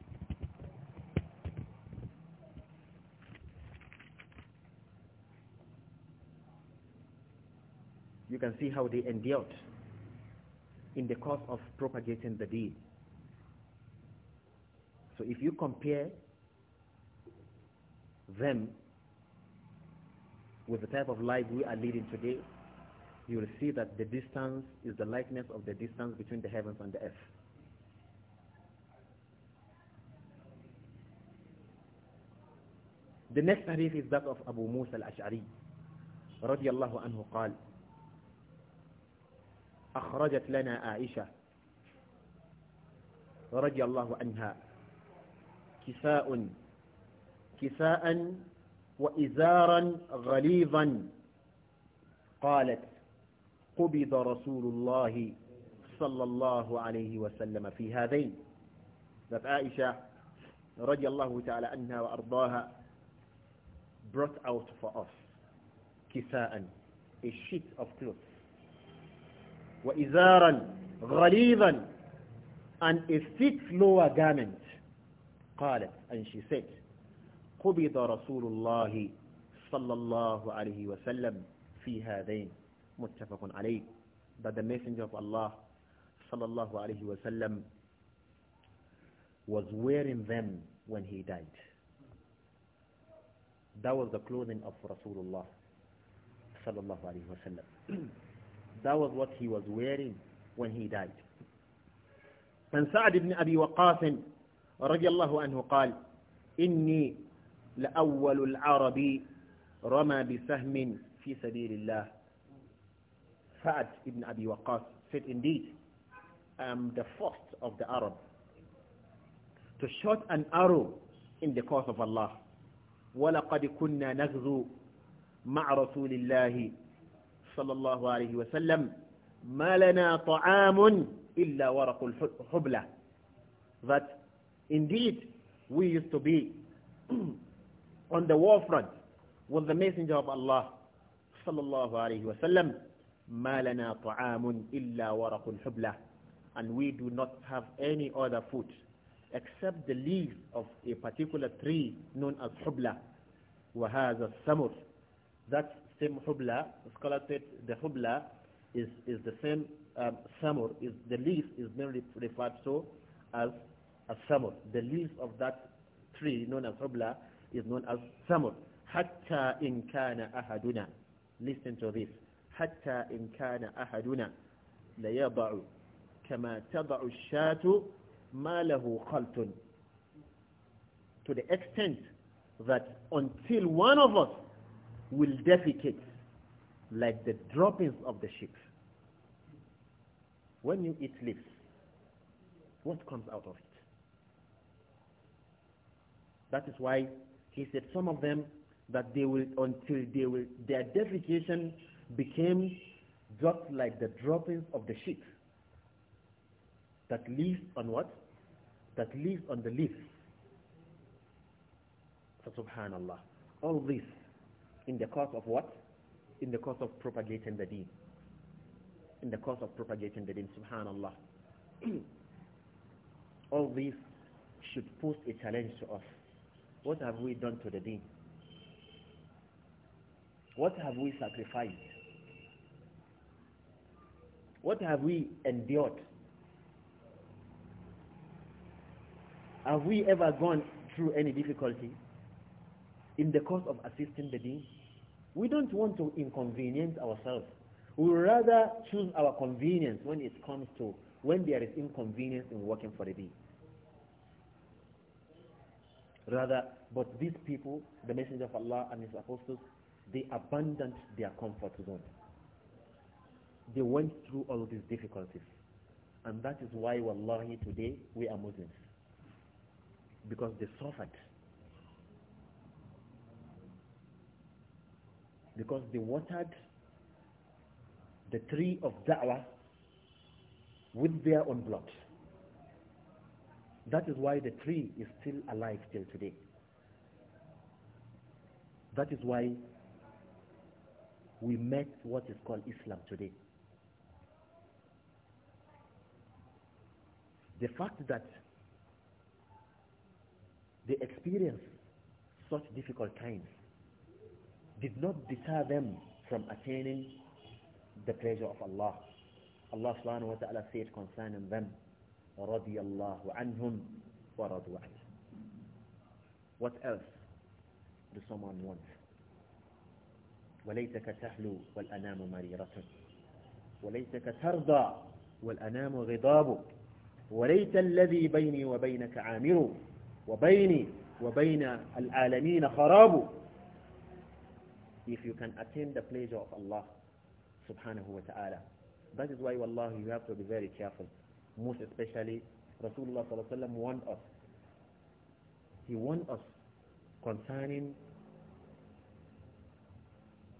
You can see how they endured in the course of propagating the deed. So if you compare them with the type of life we are leading today, you will see that the distance is the likeness of the distance between the heavens and the earth. The next hadith is that of Abu Musa al-Ash'ari رضي الله عنه قال أخرجت لنا عائشة رضي الله عنها كساء كساء وإزارا غليظا قالت قبض رسول الله صلى الله عليه وسلم في هذين ذات عائشة رضي الله تعالى عنها وأرضاها brought out for us كساء a sheet of cloth وإزارا غليظا and a thick lower garment قالت and she said قبض رسول الله صلى الله عليه وسلم في هذين متفق عليه that the messenger of Allah صلى الله عليه وسلم was wearing them when he died that was the clothing of رسول الله صلى الله عليه وسلم that was what he was wearing when he died and Sa'ad ibn Abi Waqqas رضي الله عنه قال إني لأول العرب رمى بسهم في سبيل الله سعد بن أبي وقاص said, Indeed, I am the first of the Arab to shoot an arrow in the cause of Allah. وَلَقَدْ كُنَّا نَغْزُو مَعْ رَسُولِ اللَّهِ صلى الله عليه وسلم ما لنا طعام إلا ورق الحبلة that Indeed, we used to be on the war front with the messenger of Allah sallallahu alayhi wasallam ma ta'amun illa waraqul hubla and we do not have any other food except the leaves of a particular tree known as hubla wa hadha samur that same hubla scholars said the hubla is is the same um, samur is the leaf is mainly referred to as as samud, The leaves of that tree known as obla is known as samud. Hatta in kana ahaduna. Listen to this. Hatta in kana ahaduna layaba'u kama taba'u shatu ma lahu khaltun. To the extent that until one of us will defecate like the droppings of the sheep. When you eat leaves, what comes out of it? That is why he said some of them that they will until they will their defecation became just like the droppings of the sheep that leaves on what? That leaves on the leaves. So subhanallah. All this in the cause of what? In the cause of propagating the deen. In the cause of propagating the deen, subhanallah. all this should pose a challenge to us. What have we done to the deen? What have we sacrificed? What have we endured? Have we ever gone through any difficulty in the course of assisting the deen? We don't want to inconvenience ourselves. We rather choose our convenience when it comes to when there is inconvenience in working for the deen. Rather, but these people, the Messenger of Allah and his apostles, they abandoned their comfort zone. They went through all these difficulties. And that is why, wallahi, today we are Muslims. Because they suffered. Because they watered the tree of da'wah with their own blood. That is why the tree is still alive till today. That is why we met what is called Islam today. The fact that they experienced such difficult times did not deter them from attaining the pleasure of Allah. Allah subhanahu wa ta'ala said concerning them, رضي الله عنهم ورضوا عنه What else does someone want? وليتك تحلو والأنام مريرة وليتك ترضى والأنام غضاب وليت الذي بيني وبينك عامر وبيني وبين العالمين خراب If you can attain the pleasure of Allah subhanahu wa ta'ala That is why wallahi you have to be very careful most especially Rasulullah sallallahu warned us. He warned us concerning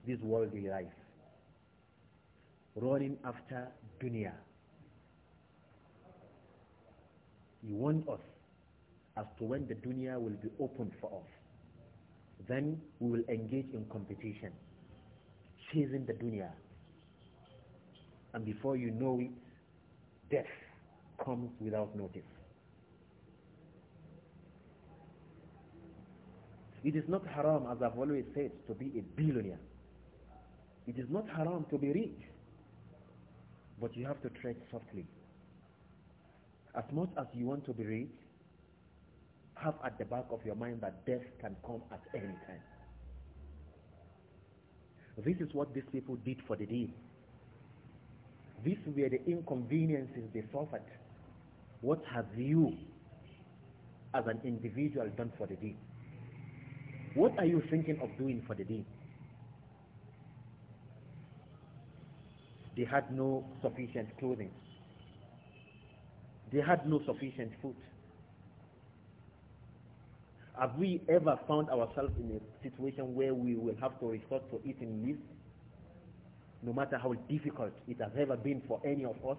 this worldly life, running after dunya. He warned us as to when the dunya will be opened for us. Then we will engage in competition, chasing the dunya. And before you know it, death comes without notice. It is not haram, as I've always said, to be a billionaire. It is not haram to be rich. But you have to tread softly. As much as you want to be rich, have at the back of your mind that death can come at any time. This is what these people did for the deed. These were the inconveniences they suffered what have you as an individual done for the deen? What are you thinking of doing for the deen? They had no sufficient clothing. They had no sufficient food. Have we ever found ourselves in a situation where we will have to resort to eating leaves? No matter how difficult it has ever been for any of us,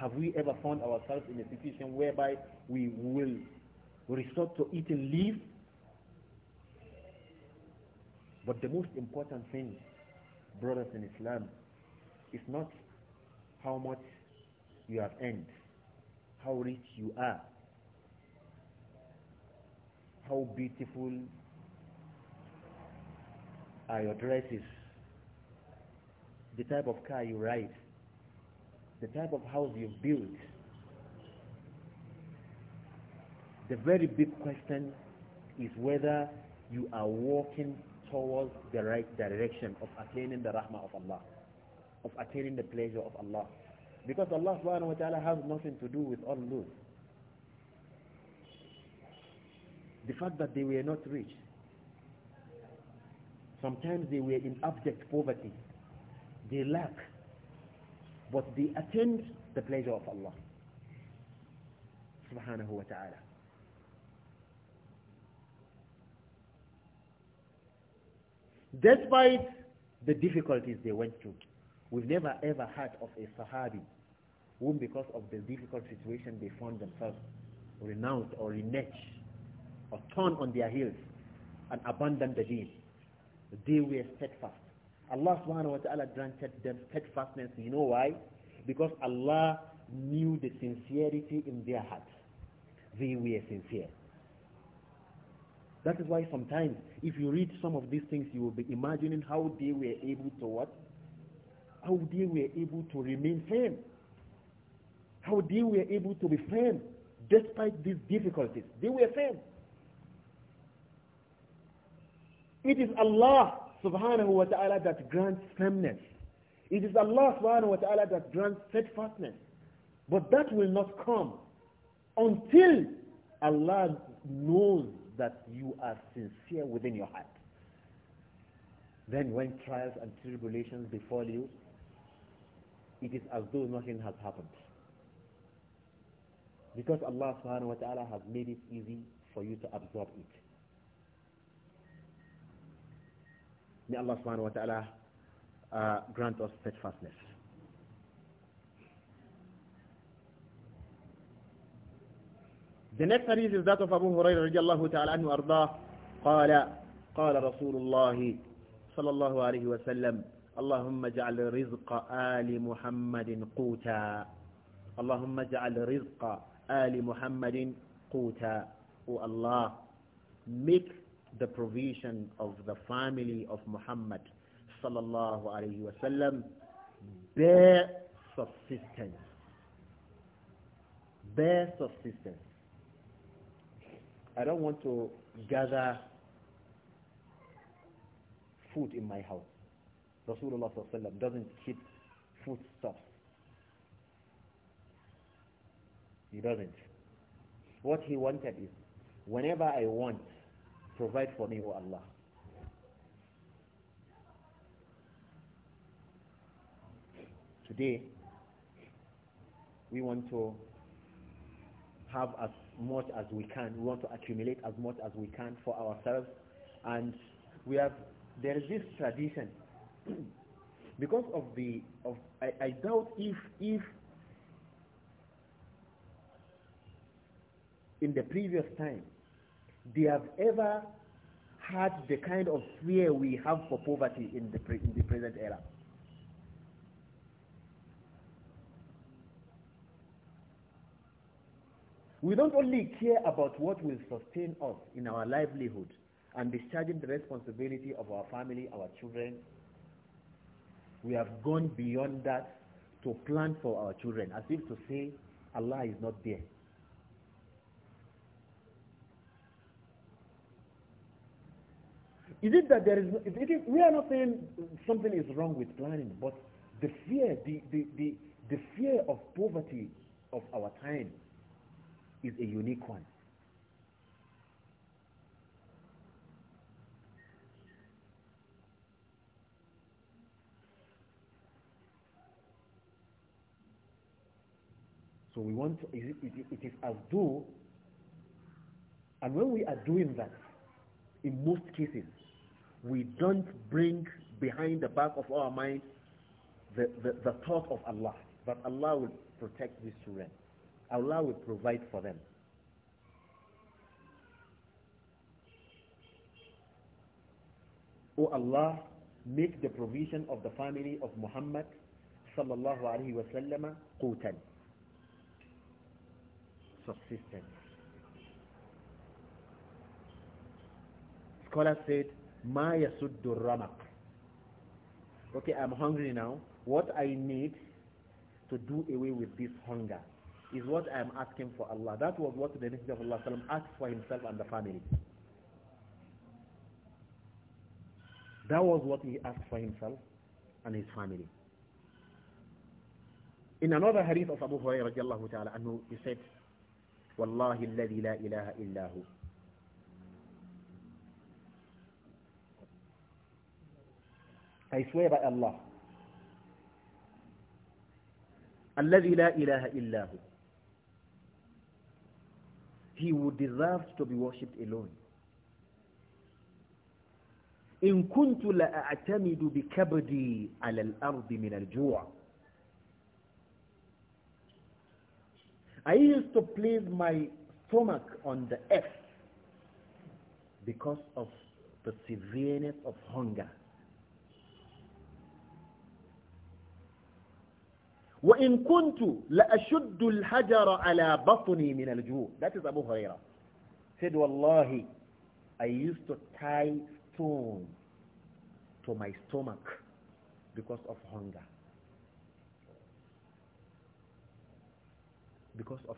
have we ever found ourselves in a situation whereby we will resort to eating leaves? But the most important thing, brothers in Islam, is not how much you have earned, how rich you are, how beautiful are your dresses, the type of car you ride, the type of house you build. The very big question is whether you are walking towards the right direction of attaining the rahmah of Allah, of attaining the pleasure of Allah. Because Allah subhanahu wa ta'ala has nothing to do with all those. The fact that they were not rich. Sometimes they were in abject poverty. They lacked but they attend the pleasure of Allah subhanahu wa ta'ala despite the difficulties they went through we've never ever heard of a sahabi whom because of the difficult situation they found themselves renounced or reneged or turned on their heels and abandoned the deen they were steadfast Allah subhanahu wa ta'ala granted them steadfastness. You know why? Because Allah knew the sincerity in their hearts. They were sincere. That is why sometimes if you read some of these things, you will be imagining how they were able to what? How they were able to remain firm. How they were able to be firm despite these difficulties. They were firm. It is Allah subhanahu wa ta'ala that grants firmness. It is Allah subhanahu wa ta'ala that grants steadfastness. But that will not come until Allah knows that you are sincere within your heart. Then when trials and tribulations befall you, it is as though nothing has happened. Because Allah subhanahu wa ta'ala has made it easy for you to absorb it. May Allah subhanahu wa ta'ala uh, grant us steadfastness. The next hadith is that of Abu Hurairah radiallahu ta'ala anhu arda قال قال رسول الله صلى الله عليه وسلم اللهم اجعل رزق آل محمد قوتا اللهم اجعل رزق آل محمد قوتا O oh Allah make the provision of the family of Muhammad sallallahu alayhi wasallam bare subsistence bare subsistence I don't want to gather food in my house Rasulullah sallallahu doesn't keep food foodstuffs he doesn't what he wanted is whenever I want Provide for me, O Allah. Today, we want to have as much as we can. We want to accumulate as much as we can for ourselves. And we have, there is this tradition. because of the, of, I, I doubt if, if in the previous time, they have ever had the kind of fear we have for poverty in the, in the present era. We don't only care about what will sustain us in our livelihood and discharging the responsibility of our family, our children. We have gone beyond that to plan for our children as if to say, Allah is not there. Is it that there is, we are not saying something is wrong with planning, but the fear, the, the, the, the fear of poverty of our time is a unique one. So we want to, it, it, it is as though, and when we are doing that, in most cases, we don't bring behind the back of our mind the, the, the thought of Allah, that Allah will protect these children. Allah will provide for them. O Allah, make the provision of the family of Muhammad sallallahu alayhi wa sallam qutan, subsistence. Scholar said, ma ramak. Okay, I'm hungry now. What I need to do away with this hunger is what I'm asking for Allah. That was what the Messenger of Allah asked for himself and the family. That was what he asked for himself and his family. In another hadith of Abu Hurairah he said, وَاللَّهِ الَّذِي la ilaha illahu." I swear الله الذي لا إله إلا هو. He would deserve to be worshipped alone. إن كنت لأعتمد بكبدي على الأرض من الجوع. I used to place my stomach on the earth because of the severeness of hunger. وإن كنت لأشد الحجر على بطني من الجوع that is Abu Huraira said wallahi I used to tie stone to my stomach because of hunger because of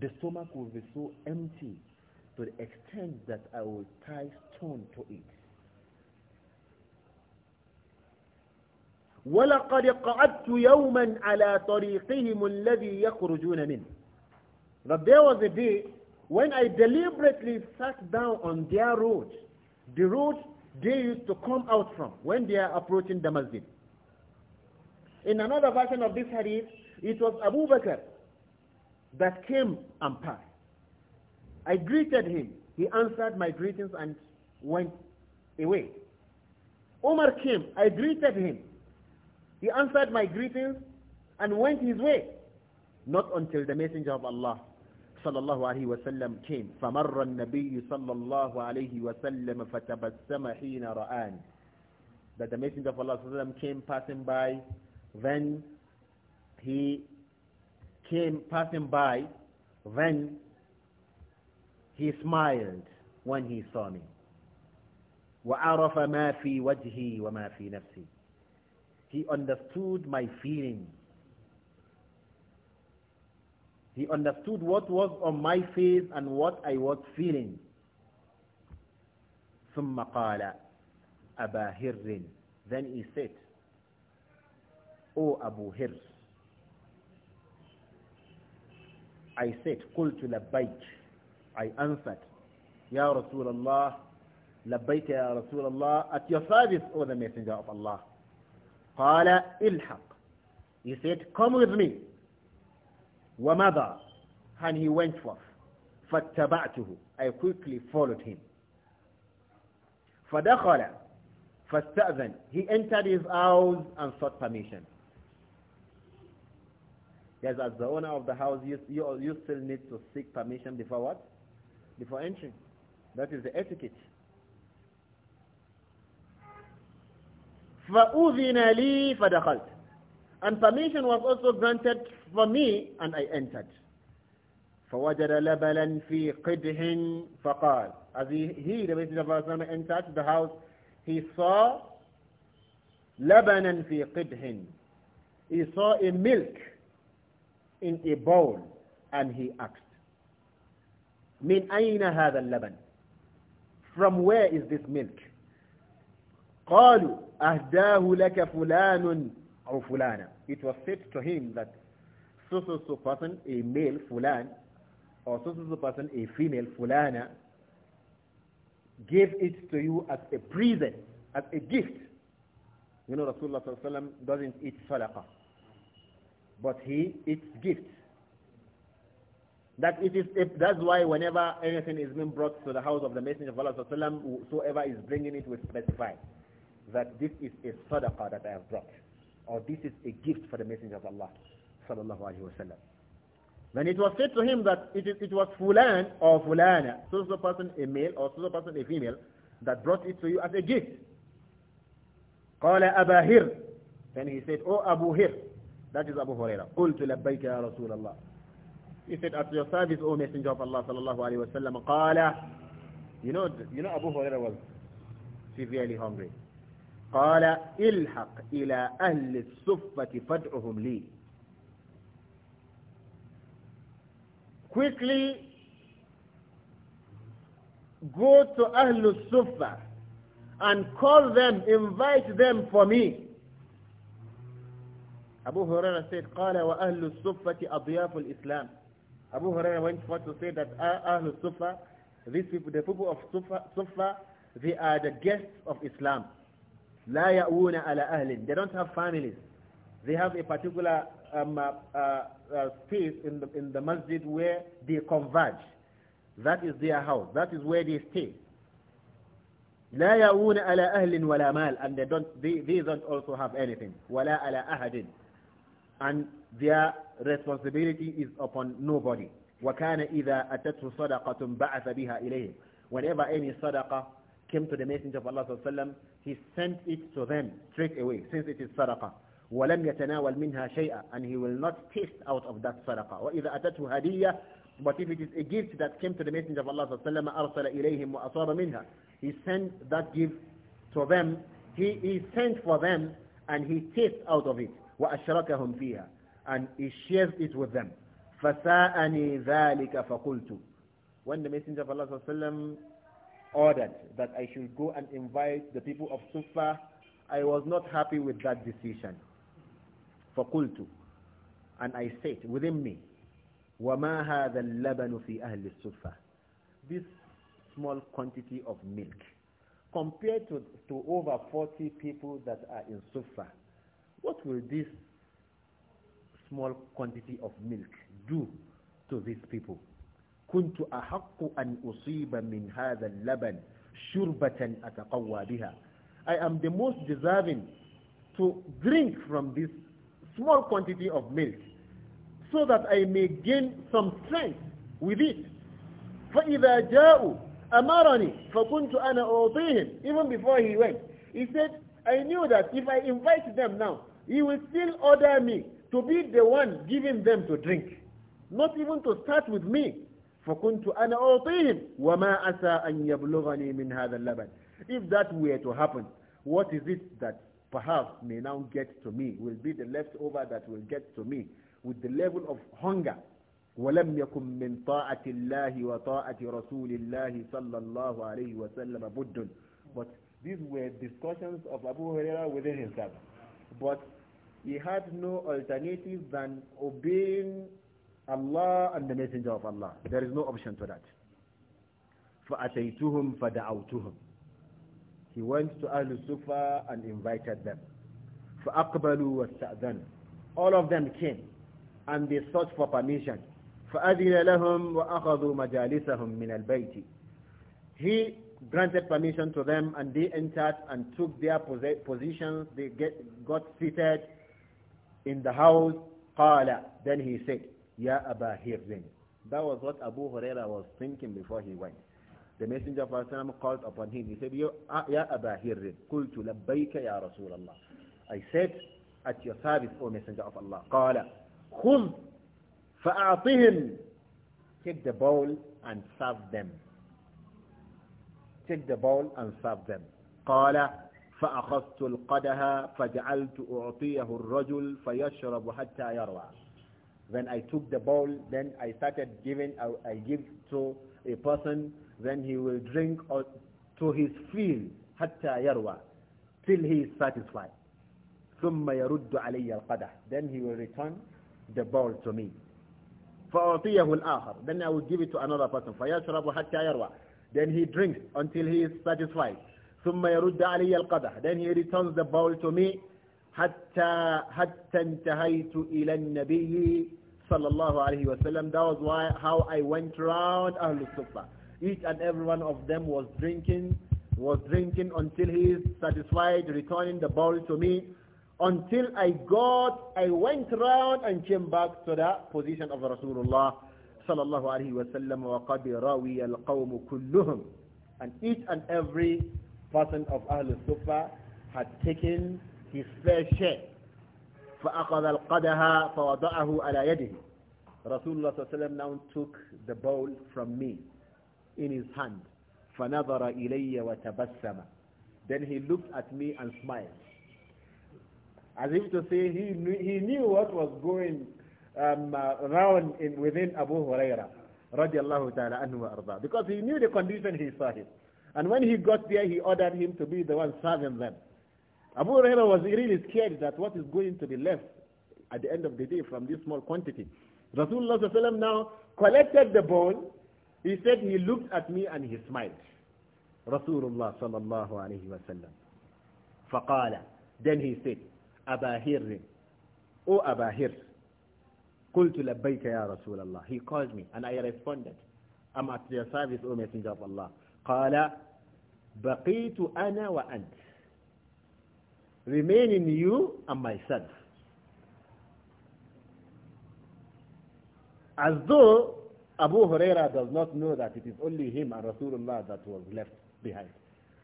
the stomach will be so empty to the extent that I will tie stone to it ولقد قعدت يوما على طريقهم الذي يخرجون منه that there was a day when I deliberately sat down on their road the road they used to come out from when they are approaching the masjid in another version of this hadith it was Abu Bakr that came and passed I greeted him he answered my greetings and went away Omar came I greeted him he answered my greetings and went his way. Not until the messenger of Allah sallallahu الله عليه وسلم came فمر النبي صلى الله عليه وسلم فتبسم حين رآني that the messenger of Allah sallallahu وسلم came passing by then he came passing by then he smiled when he saw me وعرف ما في وجهي وما في نفسي he understood my feeling. He understood what was on my face and what I was feeling. ثم قال أبا هر Then he said, O oh, Abu Hir, I said, قلت bait." I answered, Ya Rasulullah, labbayka ya Rasulullah, at your service, O the Messenger of Allah he said come with me and he went forth I quickly followed him فدخل فاستأذن he entered his house and sought permission Yes, as the owner of the house, you, you, you still need to seek permission before what? Before entering. That is the etiquette. فَأُذِنَ لِي فَدَخَلْتُ And permission was also granted for me, and I entered. فوجد لبلا في قدح فقال as he, he the Messenger of Allah entered the house he saw لبنا في قدح he saw a milk in a bowl and he asked من أين هذا اللبن from where is this milk قالوا أهداه لك فلان أو it was said to him that so so so person a male fulan or so so so person a female fulana gave it to you as a present as a gift you know Rasulullah sallallahu doesn't eat sadaqah but he eats gifts that it is it, that's why whenever anything is being brought to the house of the messenger of Allah sallallahu whoever is bringing it will specify that this is a sadaqah that I have brought or this is a gift for the messenger of Allah sallallahu alaihi wasallam when it was said to him that it, is, it was fulan or fulana so the person a male or so the person a female that brought it to you as a gift qala abahir then he said oh abu hir that is abu huraira قلت لبيك ya rasul allah he said at your service o messenger of allah sallallahu alaihi wasallam قال. you know you know abu huraira was severely hungry قال الحق إلى أهل الصفة فدعهم لي quickly go to أهل الصفة and call them, invite them for me. Abu Huraira said, قال وأهل الصفة أضياف الإسلام. Abu Huraira went forth to say that أهل الصفة these people, the people of Sufa, Sufa, they are the guests of Islam. La ya'una ala ahlin. They don't have families. They have a particular um, uh, uh, space in the, in the masjid where they converge. That is their house. That is where they stay. لا يأوون على أهل ولا مال and they don't they, they don't also have anything ولا على أحد and their responsibility is upon nobody whenever any صدقة came to the messenger of Allah sallallahu he sent it to them straight away since it is sadaqah ولم يتناول منها شيئا and he will not taste out of that sadaqah وإذا أتته هدية but if it is a gift that came to the messenger of Allah sallallahu alaihi wasallam أرسل إليهم وأصاب منها he sent that gift to them he, he sent for them and he tastes out of it وأشركهم فيها and he shares it with them فساءني ذلك فقلت when the messenger of Allah sallallahu alaihi wasallam ordered that I should go and invite the people of Sufa, I was not happy with that decision. for kultu, And I said within me, وَمَا هَذَا اللَّبَنُ فِي أَهْلِ السُّفَّةِ This small quantity of milk, compared to, to over 40 people that are in Sufa, what will this small quantity of milk do to these people? كنت أحق أن أصيب من هذا اللبن شربة أتقوى بها I am the most deserving to drink from this small quantity of milk so that I may gain some strength with it فإذا جاءوا أمرني فكنت أنا أعطيهم even before he went he said I knew that if I invite them now he will still order me to be the one giving them to drink not even to start with me فكنت أنا أعطيهم وما أسى أن يبلغني من هذا اللبن if that were to happen what is it that perhaps may now get to me will be the leftover that will get to me with the level of hunger ولم يكن من طاعة الله وطاعة رسول الله صلى الله عليه وسلم بد but these were discussions of Abu Huraira within himself but he had no alternative than obeying Allah and the messenger of Allah. There is no option to that. فَأَتَيْتُهُمْ فَدَعَوْتُهُمْ He went to Al Sufa and invited them. فَأَقْبَلُوا وَاسْتَأْذَنُوا All of them came and they sought for permission. فَأَذِنَ لَهُمْ وَأَخَذُوا مَجَالِسَهُمْ مِنَ الْبَيْتِ He granted permission to them and they entered and took their positions. They get, got seated in the house. قَالَ Then he said, Ya Aba Hirzin. That was what Abu Huraira was thinking before he went. The Messenger of Allah called upon him. He said, ah, Ya Aba Hirzin, قلت لبيك يا رسول I said, at your service, O Messenger of Allah. قال خذ فأعطهم Take the bowl and serve them. Take the bowl and serve them. قال فأخذت القدها فجعلت أعطيه الرجل فيشرب حتى يروى when I took the bowl, then I started giving, I, I give to a person, then he will drink or, to his fill, hatta yarwa, till he is satisfied. ثم يرد علي القدح then he will return the bowl to me فأعطيه الآخر then I will give it to another person فيشرب حتى يروى then he drinks until he is satisfied ثم يرد علي القدح then he returns the bowl to me hatta hatta that was why how I went round Ahlus Sufa each and every one of them was drinking was drinking until he is satisfied returning the bowl to me until I got I went round and came back to the position of Rasulullah صلى الله عليه وسلم qad راوي القوم كلهم, and each and every person of Ahlus Sufa had taken his fair share فأخذ القدها فوضعه على يده Rasulullah sallallahu now took the bowl from me in his hand فنظر إلي وتبسم then he looked at me and smiled as if to say he knew, he knew what was going um, around uh, in, within Abu Huraira radiallahu ta'ala anhu wa because he knew the condition he saw him and when he got there he ordered him to be the one serving them Abu Huraira was really scared that what is going to be left at the end of the day from this small quantity. Rasulullah now collected the bone. He said he looked at me and he smiled. Rasulullah sallallahu alayhi wa sallam. Then he said, "Abahir, O oh, Aba Hirr. قلت لبيك يا He called me and I responded. I'm at your service, O Messenger of Allah. قال ana wa ant." remain in you and myself. As though Abu Huraira does not know that it is only him and Rasulullah that was left behind.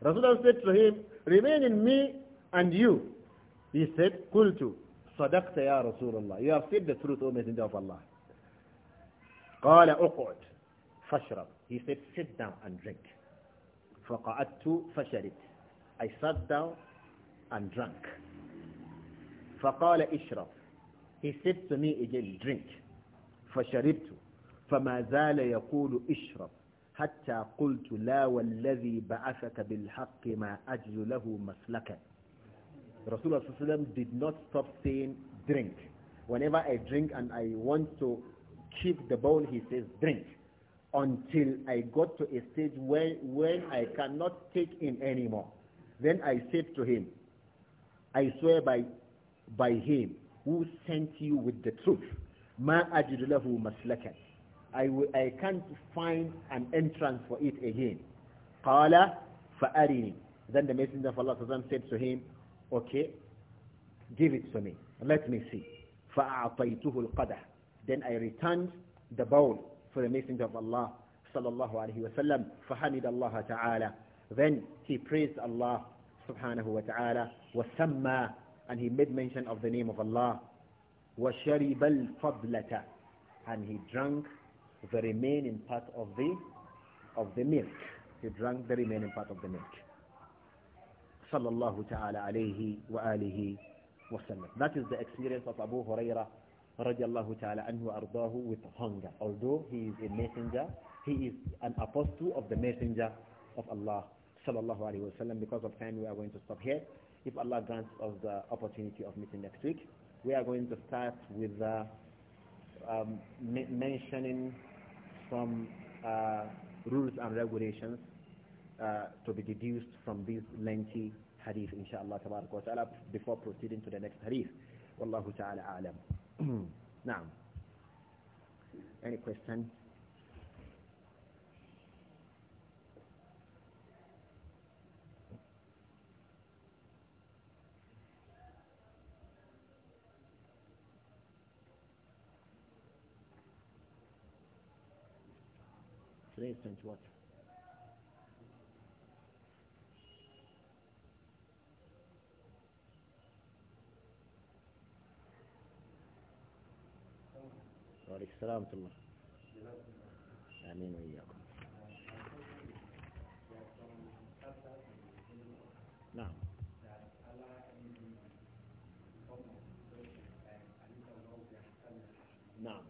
Rasulullah said to him, remain in me and you. He said, Kultu, صدقت ya Rasulullah." You have said the truth, O Messenger of Allah. "Qala uqud fashrab." He said, sit down and drink. فقعدت فشربت. I sat down and drank. فَقَالَ إِشْرَفْ He said to me again, drink. فَشَرِبْتُ فَمَا زَالَ يَقُولُ إِشْرَفْ حتى قلت لا والذي بعثك بالحق ما أجل له مسلكا Rasulullah sallallahu did not stop saying drink. Whenever I drink and I want to keep the bowl, he says drink until I got to a stage where when I cannot take in anymore. Then I said to him, I swear by, by him who sent you with the truth. Ma ajidulahu له I, will, I can't find an entrance for it again. Qala فأرني Then the messenger of Allah said to him, okay, give it to me. Let me see. فأعطيته القدح Then I returned the bowl for the messenger of Allah sallallahu alayhi wa sallam. فحمد الله Then he praised Allah subhanahu wa ta'ala وَسَمَّى And he made mention of the name of Allah. وَشَرِبَ الْفَضْلَةَ And he drank the remaining part of the, of the milk. He drank the remaining part of the milk. صلى الله تعالى عليه وآله وسلم. That is the experience of Abu رضي الله تعالى عنه ardahu with hunger. Although he is a messenger, he is an apostle of the messenger of Allah sallallahu alayhi wa because of time we are going to stop here if Allah grants us the opportunity of meeting next week. We are going to start with uh, um, mentioning some uh, rules and regulations uh, to be deduced from this lengthy hadith, inshallah, ta'ala, before proceeding to the next hadith. Wallahu ta'ala alam. now, any questions? Today is 21. وعليك السلام ورحمة الله آمين وإياكم نعم نعم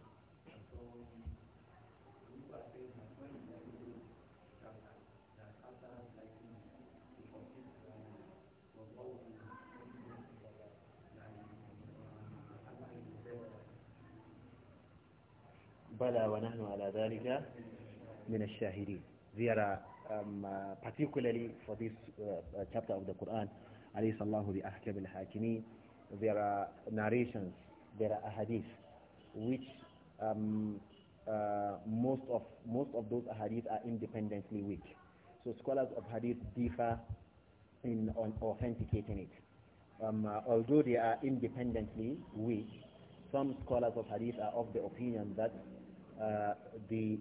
بلى ونحن على ذلك من الشاهدين They um, uh, particularly for this uh, chapter of the Quran أليس الله بأحكم الحاكمين There are narrations, there are ahadith which um, uh, most of most of those ahadith are independently weak. So scholars of hadith differ in on authenticating it. Um, uh, although they are independently weak, some scholars of hadith are of the opinion that Uh, the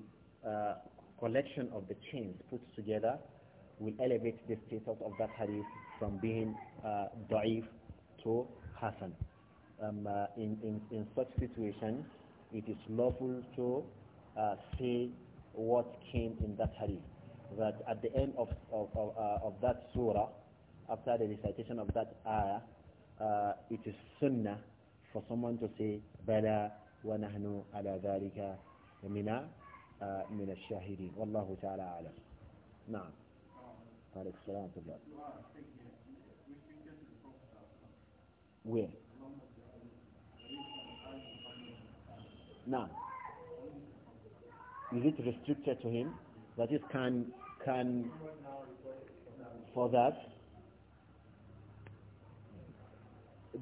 uh, collection of the chains put together will elevate the status of that hadith from being uh, da'if to hasan. Um, uh, in, in, in such situation, it is lawful to uh, say what came in that hadith. That at the end of, of, of, uh, of that surah, after the recitation of that ayah, uh, it is sunnah for someone to say, Bala wa ala من من الشاهدين والله تعالى أعلم نعم قال السلام تبارك وين نعم is it restricted to him That is can can for that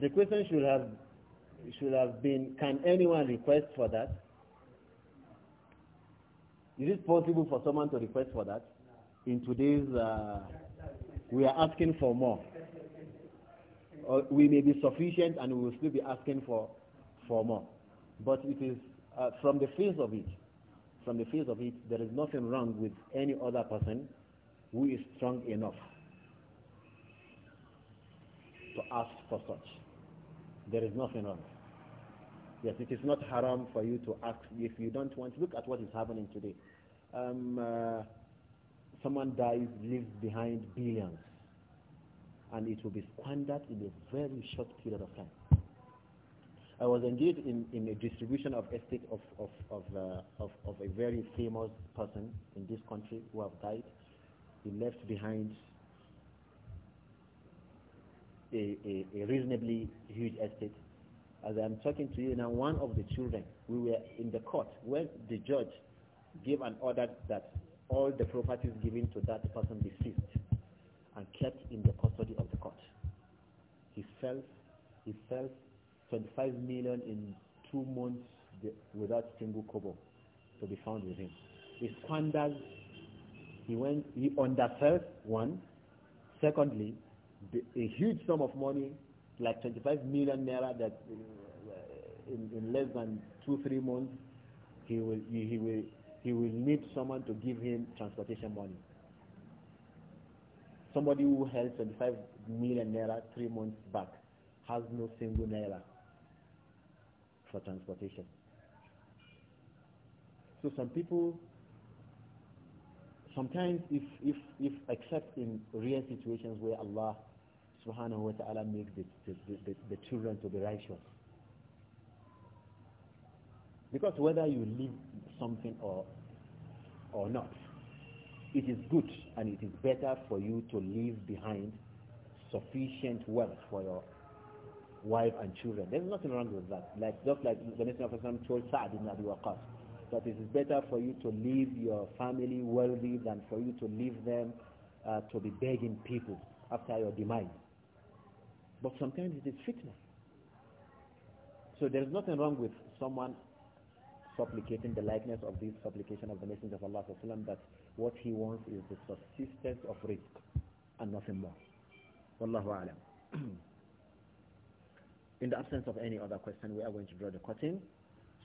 the question should have should have been can anyone request for that is it possible for someone to request for that? In today's, uh, we are asking for more. Or uh, we may be sufficient and we will still be asking for, for more. But it is uh, from the face of it, from the face of it, there is nothing wrong with any other person who is strong enough to ask for such. There is nothing wrong. Yes, it is not haram for you to ask if you don't want. Look at what is happening today. Um, uh, someone dies, leaves behind billions, and it will be squandered in a very short period of time. I was engaged in, in a distribution of estate of, of, of, uh, of, of a very famous person in this country who have died. He left behind a, a, a reasonably huge estate as I'm talking to you now, one of the children, we were in the court when the judge gave an order that all the properties given to that person be seized and kept in the custody of the court. He felt, he felt 25 million in two months without single kobo to be found with him. He squandered, he went, he underfelt, one. Secondly, the, a huge sum of money like 25 million naira that uh, in, in less than two, three months, he will, he, he will, he will need someone to give him transportation money. Somebody who held 25 million naira three months back has no single naira for transportation. So some people, sometimes if, if, if except in rare situations where Allah subhanahu wa ta'ala make the, the, the, the children to be righteous. Because whether you leave something or, or not, it is good and it is better for you to leave behind sufficient wealth for your wife and children. There's nothing wrong with that. Like just like the Messenger of Islam told Sa'd ibn Abi Waqqas that it is better for you to leave your family wealthy than for you to leave them uh, to be begging people after your demise. But sometimes it is fitna. So there is nothing wrong with someone supplicating the likeness of this supplication of the Messenger of Allah that what he wants is the subsistence of risk and nothing more. Wallahu alam. In the absence of any other question, we are going to draw the curtain.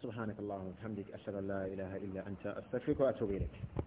سبحانك اللهم وبحمدك أشهد أن لا إله إلا أنت أستغفرك وأتوب إليك